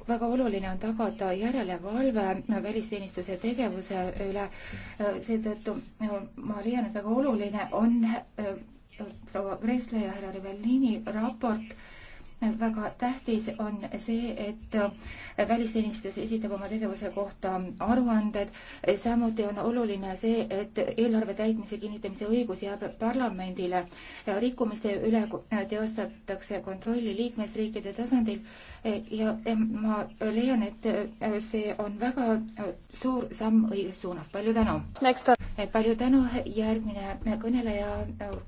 väga oluline on tagada järelevalve välisteenistuse tegevuse üle. seetõttu ma leian, et väga oluline on proua Kressle ja härra Rivellini raport väga tähtis on see, et välisteenistus esitab oma tegevuse kohta aruanded. samuti on oluline see, et eelarve täitmise kinnitamise õigus jääb parlamendile. rikkumiste üle teostatakse kontrolli liikmesriikide tasandil ja eh, ma leian, et eh, see on väga eh, suur samm õiges suunas. palju tänu! palju tänu, järgmine kõneleja,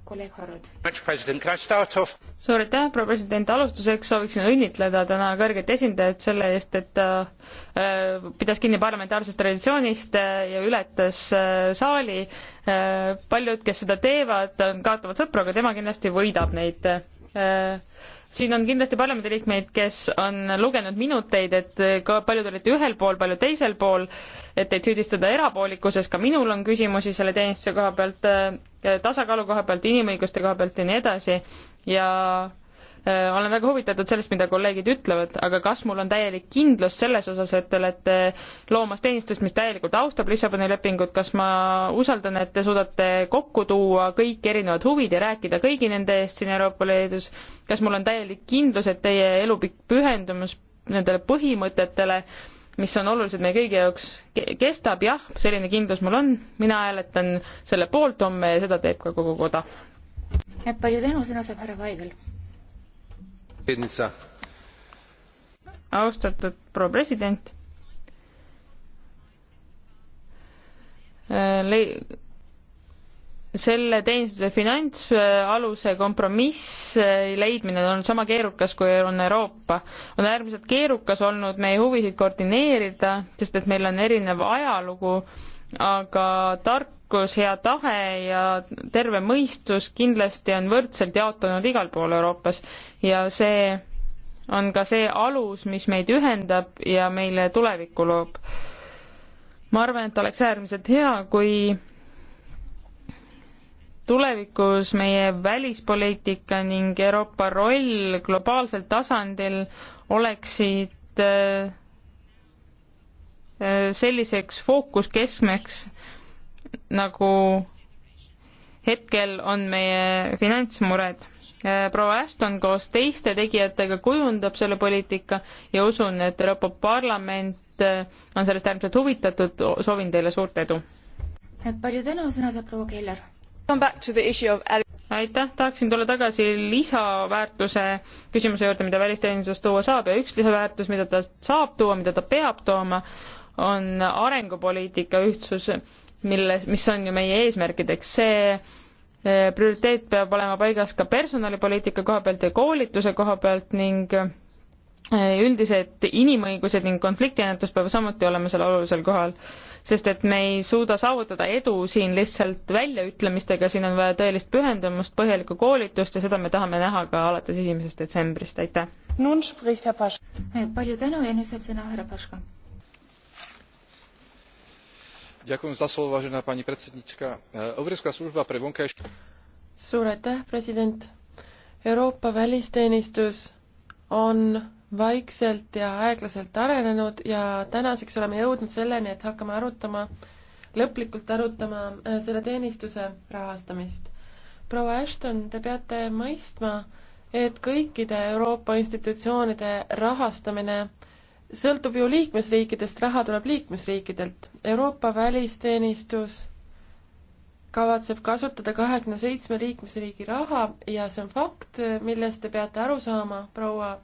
kolleeg Harrod. suur aitäh, proua president, alustuseks sooviksin õnnitleda täna kõrget esindajat selle eest, et ta pidas kinni parlamentaarsest traditsioonist ja ületas saali. paljud, kes seda teevad, kaotavad sõpru, aga tema kindlasti võidab neid siin on kindlasti parlamendiliikmeid, kes on lugenud minuteid, et ka paljud olite ühel pool, paljud teisel pool, et teid süüdistada erapoolikuses, ka minul on küsimusi selle teenistuse koha pealt, tasakaalu koha pealt, inimõiguste koha pealt ja nii edasi ja Äh, olen väga huvitatud sellest, mida kolleegid ütlevad, aga kas mul on täielik kindlus selles osas, et te olete loomas teenistust, mis täielikult austab Lissaboni lepingut, kas ma usaldan, et te suudate kokku tuua kõik erinevad huvid ja rääkida kõigi nende eest siin Euroopa Liidus, kas mul on täielik kindlus, et teie elupikk pühendumus nendele põhimõtetele, mis on olulised meie kõigi jaoks, kestab, jah, selline kindlus mul on, mina hääletan selle poolt homme ja seda teeb ka kogu koda. palju tänu, sõna saab härra Vaigel austatud proua president äh, Le selle teenistuse finantsaluse kompromiss äh, leidmine on sama keerukas, kui on Euroopa. on äärmiselt keerukas olnud meie huvisid koordineerida, sest et meil on erinev ajalugu, aga tark oskus, hea tahe ja terve mõistus kindlasti on võrdselt jaotunud igal pool Euroopas ja see on ka see alus, mis meid ühendab ja meile tulevikku loob. ma arvan, et oleks äärmiselt hea, kui tulevikus meie välispoliitika ning Euroopa roll globaalsel tasandil oleksid äh, äh, selliseks fookuskeskmeks, nagu hetkel on meie finantsmured. Eh, proua Ashton koos teiste tegijatega kujundab selle poliitika ja usun, et Euroopa Parlament eh, on sellest äärmiselt huvitatud, soovin teile suurt edu. Eh, palju tänu, sõna saab proua Keller. aitäh, tahaksin tulla tagasi lisaväärtuse küsimuse juurde, mida välisteenistus tuua saab ja üks lisaväärtus, mida ta saab tuua, mida ta peab tooma, on arengupoliitika ühtsus mille, mis on ju meie eesmärkideks, see eh, prioriteet peab olema paigas ka personalipoliitika koha pealt ja koolituse koha pealt ning eh, üldised inimõigused ning konfliktiennetus peavad samuti olema seal olulisel kohal, sest et me ei suuda saavutada edu siin lihtsalt väljaütlemistega, siin on vaja tõelist pühendumust, põhjalikku koolitust ja seda me tahame näha ka alates esimesest detsembrist, aitäh! palju tänu ja nüüd saab sõna härra Paška Eh, suur aitäh president euroopa välisteenistus on vaikselt ja aeglaselt arenenud ja tänaseks oleme jõudnud selleni et hakkame arutama lõplikult arutama eh, selle teenistuse rahastamist proua ashton te peate mõistma et kõikide euroopa institutsioonide rahastamine sõltub ju liikmesriikidest, raha tuleb liikmesriikidelt. Euroopa välisteenistus kavatseb kasutada kahekümne seitsme liikmesriigi raha ja see on fakt, millest te peate aru saama, proua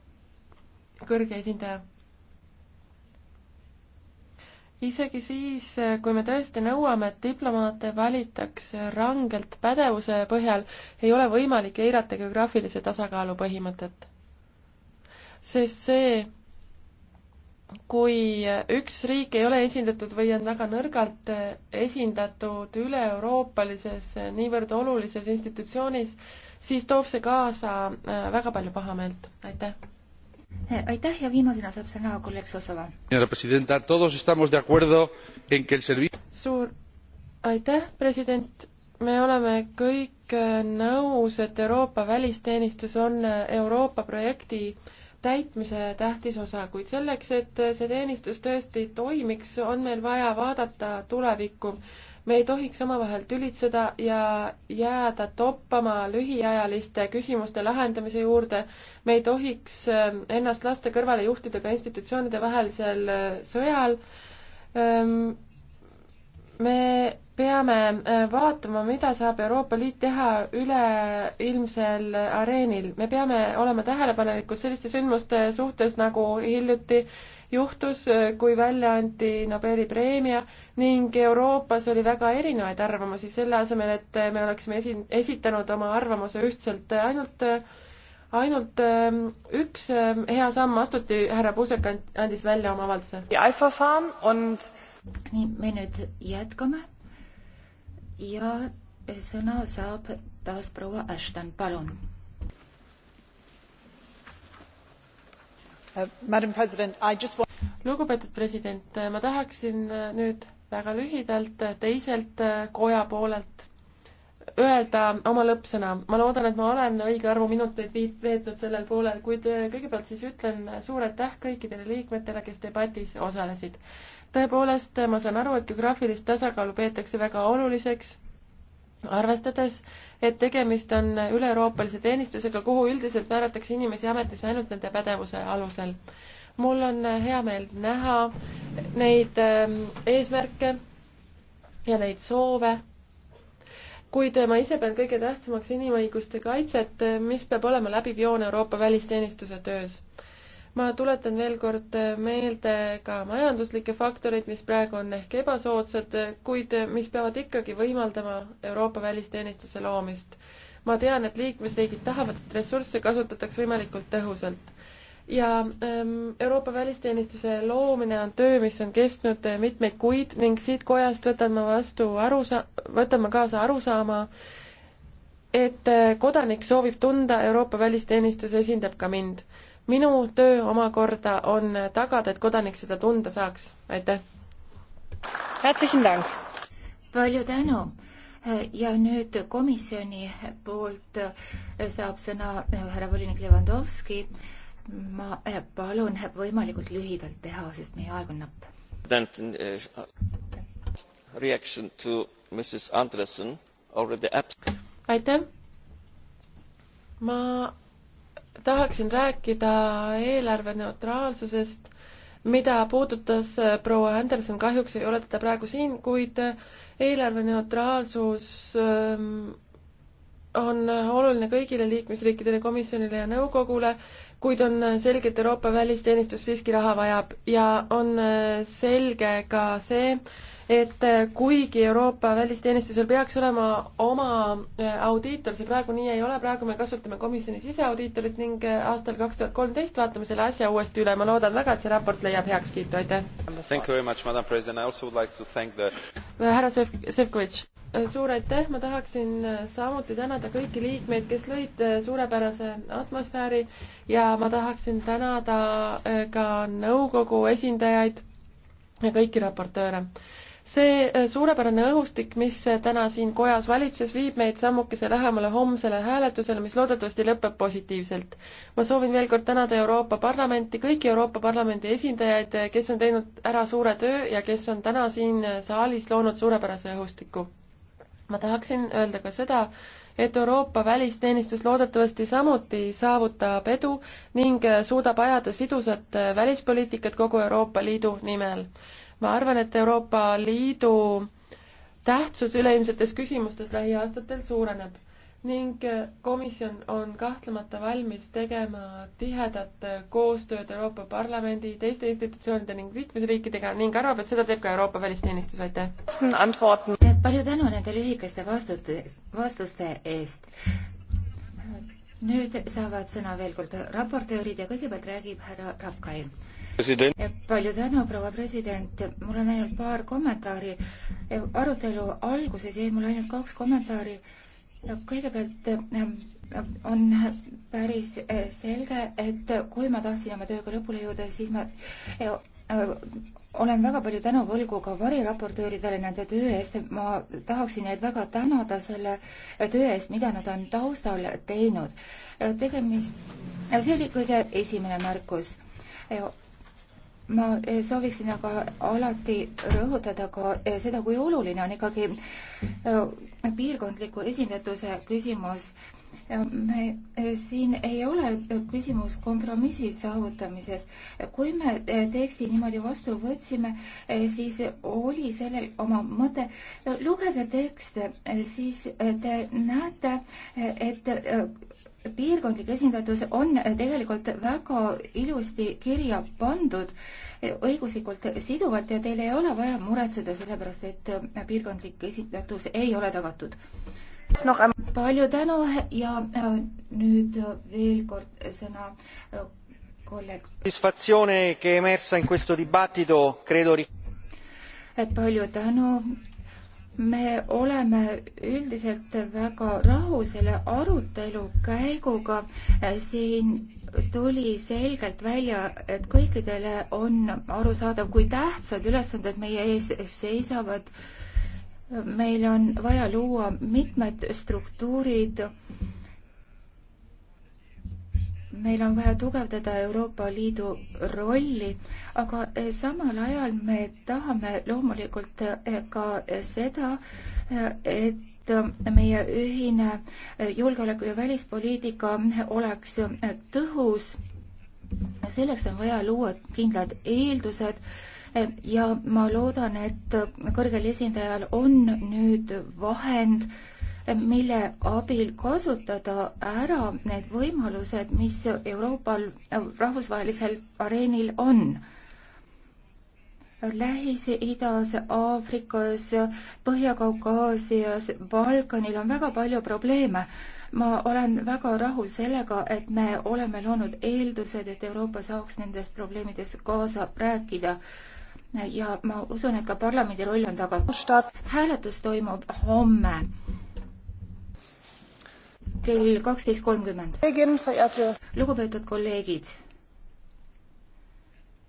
kõrge esindaja. isegi siis, kui me tõesti nõuame, et diplomaate valitaks rangelt pädevuse põhjal, ei ole võimalik eirata geograafilise tasakaalu põhimõtet. sest see kui üks riik ei ole esindatud või on väga nõrgalt esindatud üle-euroopalises niivõrd olulises institutsioonis, siis toob see kaasa äh, väga palju pahameelt. aitäh! aitäh ja viimasena saab sõna kolleeg Sosova. suur aitäh, president, me oleme kõik äh, nõus, et Euroopa välisteenistus on äh, Euroopa projekti äh, täitmise tähtis osa, kuid selleks, et see teenistus tõesti toimiks, on meil vaja vaadata tulevikku. me ei tohiks omavahel tülitseda ja jääda toppama lühiajaliste küsimuste lahendamise juurde. me ei tohiks ähm, ennast lasta kõrvale juhtida ka institutsioonide vahelisel äh, sõjal ähm, me peame äh, vaatama, mida saab Euroopa Liit teha üleilmsel areenil. me peame olema tähelepanelikud selliste sündmuste suhtes, nagu hiljuti juhtus, äh, kui välja anti Nobeli preemia ning Euroopas oli väga erinevaid arvamusi, selle asemel, et me oleksime esi-, esitanud oma arvamuse ühtselt ainult ainult ähm, üks ähm, hea samm astuti, härra Puusek andis välja oma avalduse nii, me nüüd jätkame ja sõna saab taas proua Ashton, palun. Uh, lugupeetud president, ma tahaksin uh, nüüd väga lühidalt uh, teiselt koja poolelt öelda oma lõppsõna. ma loodan, et ma olen õige arvu minuteid viit-, veetnud sellel poolel, kuid kõigepealt siis ütlen suur aitäh kõikidele liikmetele, kes debatis osalesid tõepoolest, ma saan aru, et geograafilist tasakaalu peetakse väga oluliseks, arvestades, et tegemist on üle-euroopalise teenistusega, kuhu üldiselt määratakse inimesi ametisse ainult nende pädevuse alusel. mul on hea meel näha neid ähm, eesmärke ja neid soove, kuid ma ise pean kõige tähtsamaks inimõiguste kaitset, mis peab olema läbiv joon Euroopa välisteenistuse töös ma tuletan veel kord meelde ka majanduslikke faktoreid, mis praegu on ehk ebasoodsad, kuid mis peavad ikkagi võimaldama Euroopa välisteenistuse loomist. ma tean, et liikmesriigid tahavad, et ressursse kasutataks võimalikult tõhusalt. ja ähm, Euroopa välisteenistuse loomine on töö, mis on kestnud mitmeid kuid ning siit kojast võtan ma vastu arusa-, võtan ma kaasa arusaama, et äh, kodanik soovib tunda, Euroopa välisteenistus esindab ka mind minu töö omakorda on tagada, et kodanik seda tunda saaks. aitäh! palju tänu! ja nüüd komisjoni poolt saab sõna härra volinik Levandovski. ma palun võimalikult lühidalt teha, sest meie aeg on napp. Uh, reaction to Mrs Andresen already abs-. aitäh! ma tahaksin rääkida eelarveneutraalsusest, mida puudutas äh, proua Anderson, kahjuks ei ole teda praegu siin, kuid äh, eelarveneutraalsus ähm, on oluline kõigile liikmesriikidele, komisjonile ja nõukogule, kuid on äh, selge, et Euroopa välisteenistus siiski raha vajab ja on selge ka see, et äh, kuigi Euroopa välisteenistusel peaks olema oma äh, audiitor, see praegu nii ei ole, praegu me kasutame komisjoni siseaudiitorit ning äh, aastal kaks tuhat kolmteist vaatame selle asja uuesti üle, ma loodan väga, et see raport leiab heakskiitu, aitäh! härra Sev-, Sevkovitš, suur aitäh, ma tahaksin samuti tänada kõiki liikmeid, kes lõid suurepärase atmosfääri ja ma tahaksin tänada ka nõukogu esindajaid ja kõiki raportööre see äh, suurepärane õhustik, mis äh, täna siin kojas valitses, viib meid sammukese lähemale homsele hääletusele, mis loodetavasti lõpeb positiivselt. ma soovin veel kord tänada Euroopa Parlamenti, kõiki Euroopa Parlamendi esindajaid, äh, kes on teinud ära suure töö ja kes on täna siin saalis loonud suurepärase õhustiku. ma tahaksin öelda ka seda, et Euroopa välisteenistus loodetavasti samuti saavutab edu ning suudab ajada sidusat välispoliitikat kogu Euroopa Liidu nimel ma arvan, et Euroopa Liidu tähtsus üleilmsetes küsimustes lähiaastatel suureneb ning komisjon on kahtlemata valmis tegema tihedat koostööd Euroopa Parlamendi, teiste institutsioonide ning liikmesriikidega ning arvab, et seda teeb ka Euroopa välisteenistus, aitäh! Äh, palju tänu nende lühikeste vastute, vastuste eest! nüüd saavad sõna veel kord raportöörid ja kõigepealt räägib härra Rapkai palju tänu, proua president, mul on ainult paar kommentaari. arutelu alguses jäi mul ainult kaks kommentaari. kõigepealt eh, on päris eh, selge, et kui ma tahtsin oma tööga lõpule jõuda, siis ma eh, olen väga palju tänu võlgu ka variraportööridele nende töö eest. ma tahaksin neid väga tänada selle töö eest, mida nad on taustal teinud. tegemist, see oli kõige esimene märkus ma eh, sooviksin aga alati rõhutada ka eh, seda, kui oluline on ikkagi eh, piirkondliku esindatuse küsimus. me, siin ei ole küsimus kompromissi saavutamises. kui me teksti niimoodi vastu võtsime, siis oli sellel oma mõte. lugege tekste, siis te näete, et piirkondlik esindatus on tegelikult väga ilusti kirja pandud õiguslikult siduvalt ja teil ei ole vaja muretseda, sellepärast et piirkondlik esindatus ei ole tagatud. palju tänu ja äh, nüüd veel kord sõna äh, kolleeg. palju tänu me oleme üldiselt väga rahul selle arutelu käiguga. siin tuli selgelt välja, et kõikidele on arusaadav, kui tähtsad ülesanded meie ees seisavad. meil on vaja luua mitmed struktuurid meil on vaja tugevdada Euroopa Liidu rolli, aga eh, samal ajal me tahame loomulikult eh, ka seda, eh, et meie ühine julgeoleku ja välispoliitika oleks tõhus. selleks on vaja luua kindlad eeldused ja ma loodan, et kõrgel esindajal on nüüd vahend mille abil kasutada ära need võimalused, mis Euroopal rahvusvahelisel areenil on. Lähis-Idas, Aafrikas, Põhja-Kaukaasias, Balkanil on väga palju probleeme. ma olen väga rahul sellega, et me oleme loonud eeldused, et Euroopa saaks nendest probleemidest kaasa rääkida ja ma usun, et ka parlamendi roll on tagatud. hääletus toimub homme kell kaksteist kolmkümmend. lugupeetud kolleegid